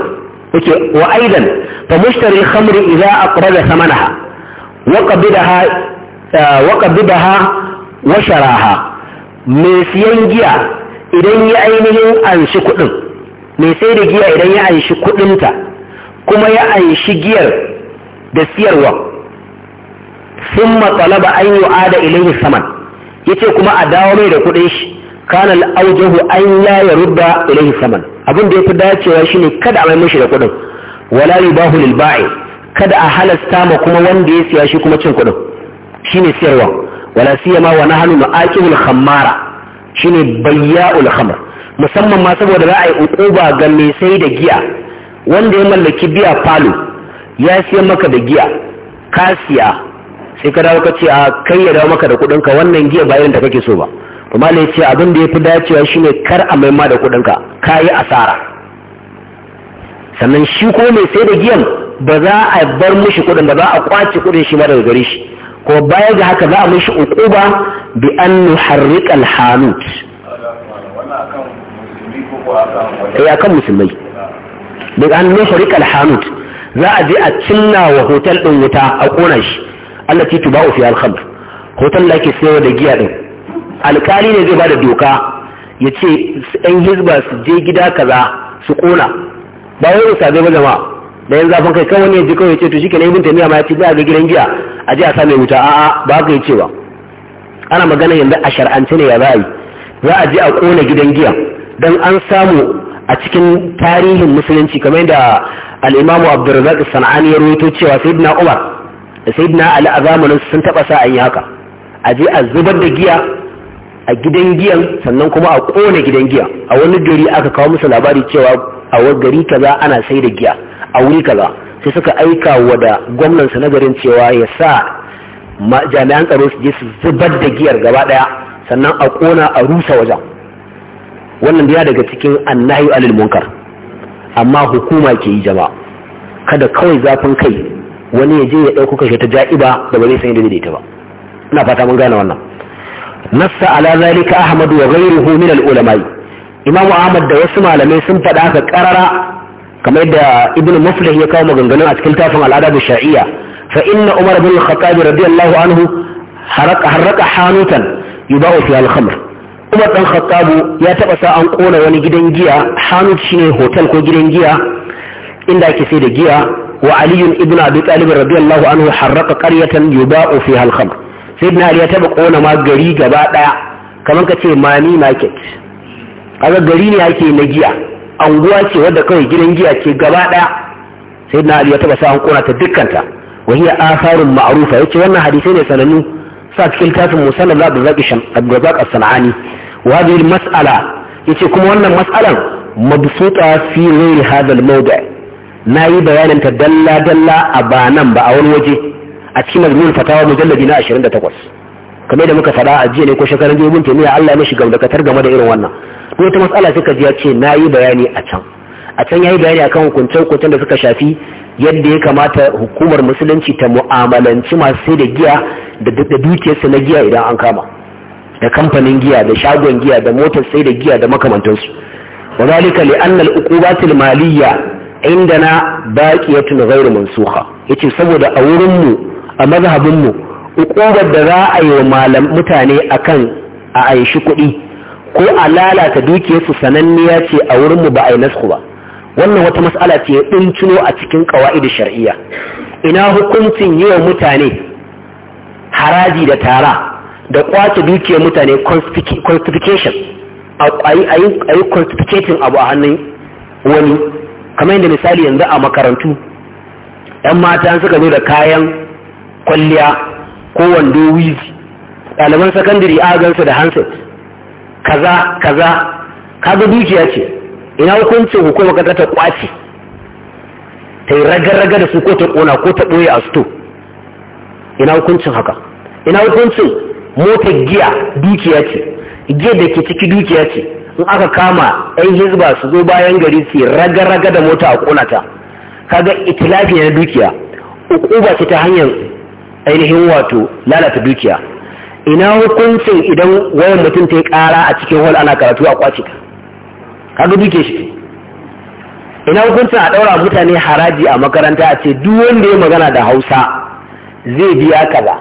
yake wa aidan fa mushtari al-khamr idza aqrada thamanaha wa qabidaha wa qabidaha wa sharaha mai siyan giya idan ya ainihin anshi kuɗin mai sai da giya idan ya anshi kuɗinta kuma ya anshi giyar da siyarwa sun matsalaba an yi ada ilayin saman ya ce kuma a dawo mai da kuɗin shi kana al'aujahu an la rubba ilayin saman abin da ya fi dacewa shine kada a mai mashi da kuɗin wala yubahu lil ba'i kada a halasta ma kuma wanda ya siya shi kuma cin kuɗin ne siyarwa wala siyama wa nahnu nu'aqibul khammara shine bayya'ul khamr musamman ma saboda za a yi ukuba ga mai sai da giya wanda ya mallaki biya falo ya siya maka da giya ka siya sai ka dawo ka ce a kai ya dawo maka da kudin ka wannan giya ba irin da kake so ba kuma ne ce abin da yafi dacewa shine kar a maima da kudin ka kai asara sannan shi ko mai sai da giyan ba za a bar mushi kudin ba za a kwace kudin shi ma daga gare shi ko baya da haka za a mishi uquba bi an nuharriqa al-hanut eh akan musulmai bi an nuharriqa hanut za a je a cinna wa hotel ɗin wuta a ƙona shi allati tuba'u fi al hotel da ke sayar da giya din alkali ne zai bada doka ya ce ɗan hizba su je gida kaza su ƙona. ba wai usabe ba jama'a da yanzu zafin kai kawai ne ji kawai ce to shi kenan ibn taymiya ma ya ce ba ga gidan giya a ji a sa mai wuta a'a ba haka yace ba ana magana yanzu a shar'ance ne ya za a yi za a je a kona gidan giya dan an samu a cikin tarihin musulunci kamar da al'imamu abdurrazak abdurrazzaq sanani ya rawaito cewa sayyidina umar da sayyidina ali a zamanin sun taɓa sa an yi haka a je a zubar da giya a gidan giyan sannan kuma a kona gidan giya a wani gari aka kawo musu labari cewa a wani gari kaza ana sai da giya a wuri kaza sai suka aika wa da gwamnan su na garin cewa ya sa jami'an tsaro su je su zubar da giyar gaba daya sannan a kona a rusa wajen wannan ya daga cikin annahi alil munkar amma hukuma ke yi jama'a kada kawai zafin kai wani ya je ya ɗauko kashe ta ja'iba da ba zai san yadda daidaita ba ina fata mun gane wannan nassa ala zalika ahmad wa ghayruhu min al ulama imam ahmad da wasu malamai sun faɗa ka karara kamar da ibn muflih ya kawo maganganun a cikin tafin al'ada da sha'iyya fa inna umar bin al-khattab radiyallahu anhu haraka haraka hanutan yubau fi al-khamr umar dan khattab ya taba sa an kona wani gidan giya hanut shine hotel ko gidan giya inda ake sai da giya wa ali ibn abi talib radiyallahu anhu haraka qaryatan yubau fi al-khamr ibn ali ya taba kona ma gari gaba daya kamar kace mani market kaga gari ne ake na giya anguwa ce wadda kawai gidan giya ke gaba daya sai na ali ya taba sa an kona ta dukkanta wa hiya atharun ma'rufa yace wannan hadisai ne sanannu sa cikin tasin musannad da zaki shan abdurrazaq as-sanani wa hadhihi al-mas'ala yace kuma wannan mas'alan mabsuta fi ghairi hadha al-mawdi' nayi bayanin ta dalla dalla a banan ba a wani waje a cikin mazmun fatawa mujalladi na 28 kamar da muka faɗa a jiya ne ko shekaran jiya mun taymiya Allah ya mishi gamdakatar game da irin wannan ko wata matsala suka ji ya ce na yi bayani a can a can ya yi bayani akan hukunce-hukuncen da suka shafi yadda ya kamata hukumar musulunci ta mu'amalanci masu sai da giya da dukiyarsu na giya idan an kama da kamfanin giya da shagon giya da motar sai da giya da makamantansu wa zalika li anna al-uqubatil maliyya indana baqiyatun ghayr mansukha yace saboda a wurin mu a mazhabin mu uqubar da za a yi wa malam mutane akan a aishi kuɗi ko a lalata dukiyarsu sananniya ce a wurinmu ba a yi nasku ba wannan wata matsala ce ya ɗincino a cikin ƙawa'id shar'iyya ina hukuncin yi wa mutane haraji da tara da kwace dukiyar mutane constitution a yi constitution abu a hannun wani kamar yadda misali yanzu a makarantu 'yan mata suka zo da kayan kwalliya ko wando wizi ɗaliban sakandare a gansu da hanset kaza kaza kaga dukiya ce ina hukuncin hukumar kaza ta kwace ta yi raga-raga da su ko ta kona ko ta ɓoye a sto ina hukuncin haka ina hukuncin motar giya dukiya ce giya da ke ciki dukiya ce in aka kama 'yan hizba su zo bayan gari su raga-raga da mota a kona ta kaga itilafi na dukiya ukuba ce ta hanyar ainihin wato lalata dukiya ina hukuncin idan wayan mutum ta yi kara a cikin hol ana karatu a kwace ka kaga duke shi ina hukuncin a ɗaura mutane haraji a makaranta a ce duk wanda ya magana da hausa zai biya ka ba.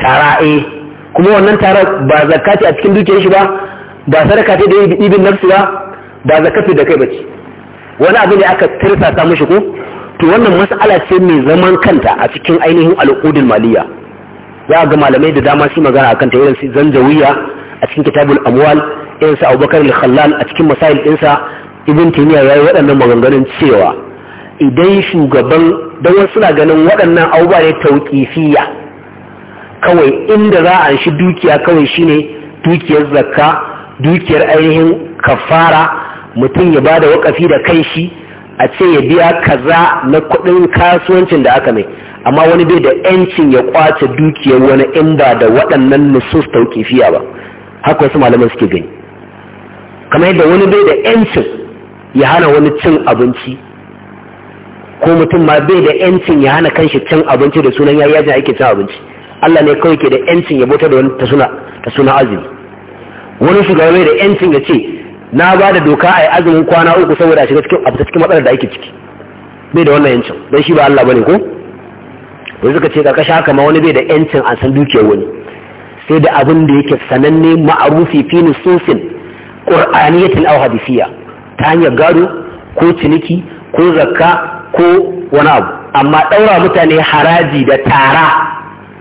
tara A. Eh. kuma wannan tara ba zakati a cikin duke shi ba ba sadaka ta da ibin nafsu ba ba zakati da kai bace wani abu ne aka tirsa ta mishi ko to wannan mas'ala ce mai zaman kanta a cikin ainihin al'udul maliya za a ga malamai da dama su magana akan ta irin su zanjawiya a cikin kitabul amwal irin su abubakar al-khallal a cikin masail ɗinsa ibn ya yayi waɗannan maganganun cewa idan shugaban don wasu suna ganin waɗannan abubuwa ne tauƙifiya kawai inda za a shi dukiya kawai shine dukiyar zakka dukiyar ainihin kafara mutum ya bada wakafi da shi a ce ya biya kaza na kuɗin kasuwancin da aka mai amma wani bai da yancin ya kwace dukiyar wani in ba da waɗannan nusus fiya ba haka wasu malaman suke gani kamar yadda wani bai da yancin ya hana wani cin abinci ko mutum ma bai da yancin ya hana kanshi cin abinci da sunan yayi yajin ake cin abinci Allah ne kawai ke da yancin ya bota da wani ta suna azumi wani shugaba bai da yancin ya ce na ba da doka a yi azumin kwana uku saboda a shiga cikin ta cikin matsalar da ake ciki bai da wannan yancin don shi ba Allah bane ko wai suka ce karkashin haka ma wani bai da yancin a san dukiyar wani sai da abin da yake sananne ma'arufi fi nususin qur'aniyatin aw hadisiya ta hanyar gado ko ciniki ko zakka ko wani abu amma daura mutane haraji da tara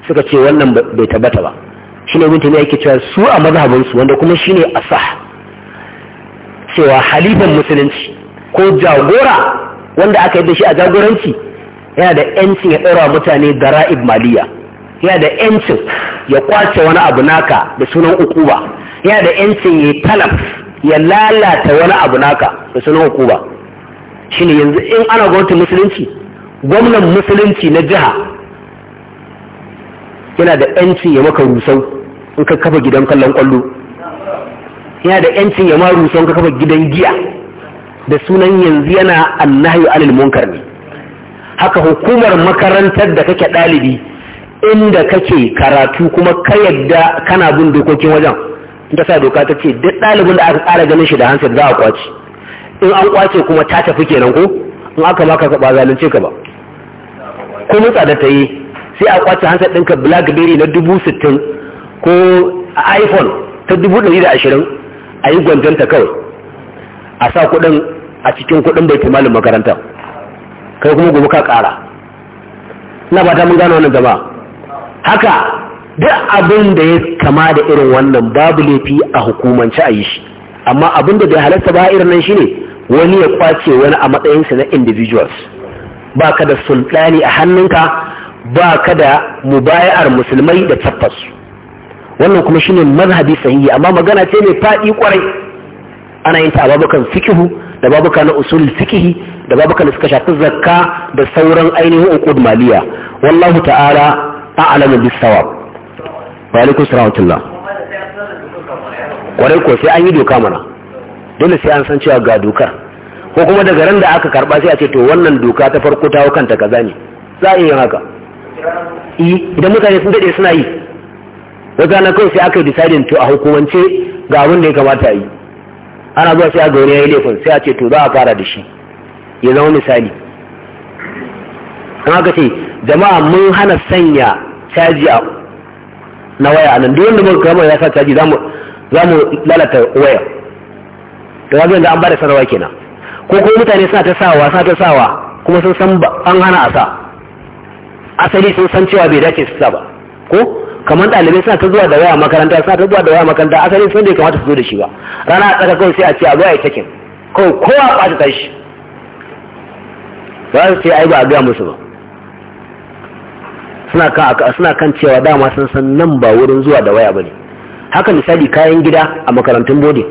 suka ce wannan bai tabbata ba shine mun tana yake cewa su a mazhabinsu wanda kuma shine asah cewa halifan musulunci ko jagora wanda aka yi da shi a jagoranci yana da yancin ya ɗora mutane gara'ib maliya yana da yancin ya kwace wani abu naka da sunan ukuba yana da yancin ya talaf ya lalata wani abu naka da sunan ukuba ne yanzu in ana gwamnatin musulunci gwamnan musulunci na jiha yana da yancin ya maka rusau in ka kafa gidan kallon kwallo yana da yancin ya ma rusau in ka kafa gidan giya da sunan yanzu yana annahi alil munkar ne haka hukumar makarantar da kake ɗalibi inda kake karatu kuma ka yadda kana bin dokokin wajen in ta sa doka ta ce duk ɗalibin da aka ƙara ganin shi da hansar za a kwace in an kwace kuma ta tafi kenan ko in aka ka ba zalunce ka ba ko mutsa da ta yi sai a kwace hansar ɗinka blackberry na dubu sittin ko iphone ta dubu ɗari da ashirin a yi gwanjanta kawai a sa kuɗin a cikin kuɗin bai malin makaranta kai kuma gobe ka kara ina ba ta mun gano wannan gaba haka duk abin da ya kama da irin wannan babu laifi a hukumance a yi shi amma abin da bai halatta ba irin nan shine wani ya kwace wani a matsayinsa na individuals ba ka da sultani a hannunka ba ka da mubayar musulmai da tabbas wannan kuma shine mazhabi sahihi amma magana ce mai faɗi kwarai ana yin ta babakan fikihu da babuka na usul fiqh da babuka da suka shafi zakka da sauran ainihin uqud maliya wallahu ta'ala a'lamu bis sawab wa alaikum salam kwarai ko sai an yi doka mana dole sai an san cewa ga dokar ko kuma daga ran da aka karba sai a ce to wannan doka ta farko ta kanta kaza ne za a yi haka idan mutane sun dade suna yi wata na kawai sai aka yi decidin to a hukumance ga abin da ya kamata a yi ana zuwa sai a gauri ya yi laifin sai a ce to za a fara da shi ya zama misali haka ce jama'a mun hana sanya caji a na waya nan duk wanda muka kama ya sa caji za mu lalata waya to wajen da an ba da sanarwa kenan ko kuma mutane suna ta sawa suna ta sawa kuma sun san an hana a sa asali sun san cewa bai dace su sa ba ko kamar ɗalibai suna ta zuwa da waya makaranta suna ta zuwa da waya makaranta asalin sun da ya kamata su zo da shi ba rana a tsaka kawai sai a ce a zo a yi takin kawai kowa ba ta tashi ba su ce ai ba a gaya musu ba suna kan cewa dama sun san nan ba wurin zuwa da waya ba ne haka misali kayan gida a makarantun bode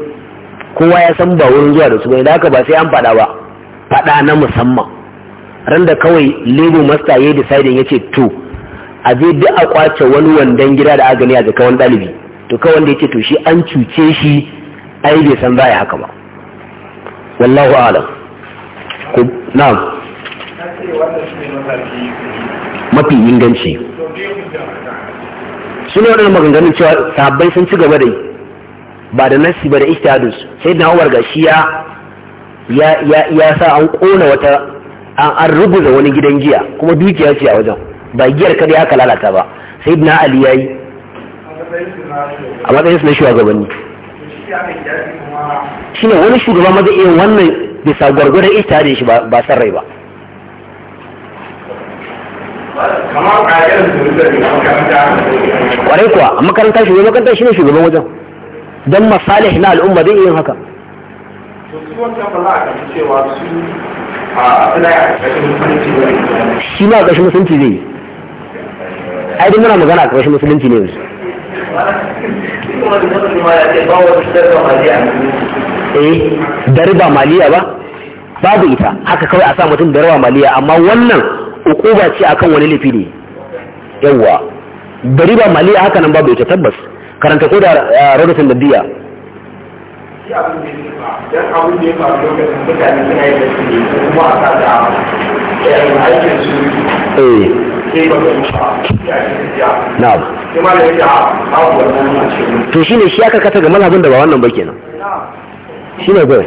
kowa ya san ba wurin zuwa da su ba da haka ba sai an faɗa ba faɗa na musamman ran da kawai lebo masta ya yi deciding ya ce to a je duk a kwace wani wandon gida da aka gani a jaka wani ɗalibi to kai wanda yake to shi an cuce shi ai bai san za a yi haka ba wallahu alam ku na'am mafi inganci suna wadannan maganganun cewa sabbai sun ci gaba da yi ba da nasi ba da ishtihadus sai da hawar gashi ya ya ya sa an kona wata an rubuta wani gidan giya kuma dukiya ce a wajen ba giyar kadai aka lalata ba sai na ali ya yi a matsayin su na shugabanni shi ne wani shugaba maza iya wannan bisa gwargwaron ita da shi ba san rai ba kwarai kuwa a makaranta shugaban makaranta shi ne shugaban wajen don masalih na al'umma zai iya yin haka shi ma ƙashin musulunci zai yi ai dai muna magana a ƙarshen musulunci ne yanzu eh darba maliya ba babu ita haka kawai a sa mutum darba maliya amma wannan ukuba ce akan wani laifi ne yawwa dariba maliya haka nan babu ita tabbas karanta ko da eh, rodatun da biya eh na'am to shi ne shi aka kata ga malabin da ba wannan ba kenan shi ne gwai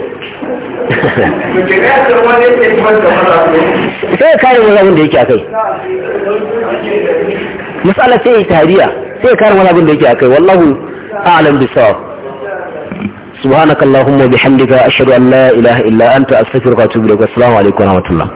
sai kare malabin da yake akai kai matsala sai tariya sai kare malabin da yake akai kai wallahu a'lam bisawab subhanakallahumma bihamdika ashhadu an la ilaha illa anta astaghfiruka wa atubu ilaik assalamu alaikum wa rahmatullah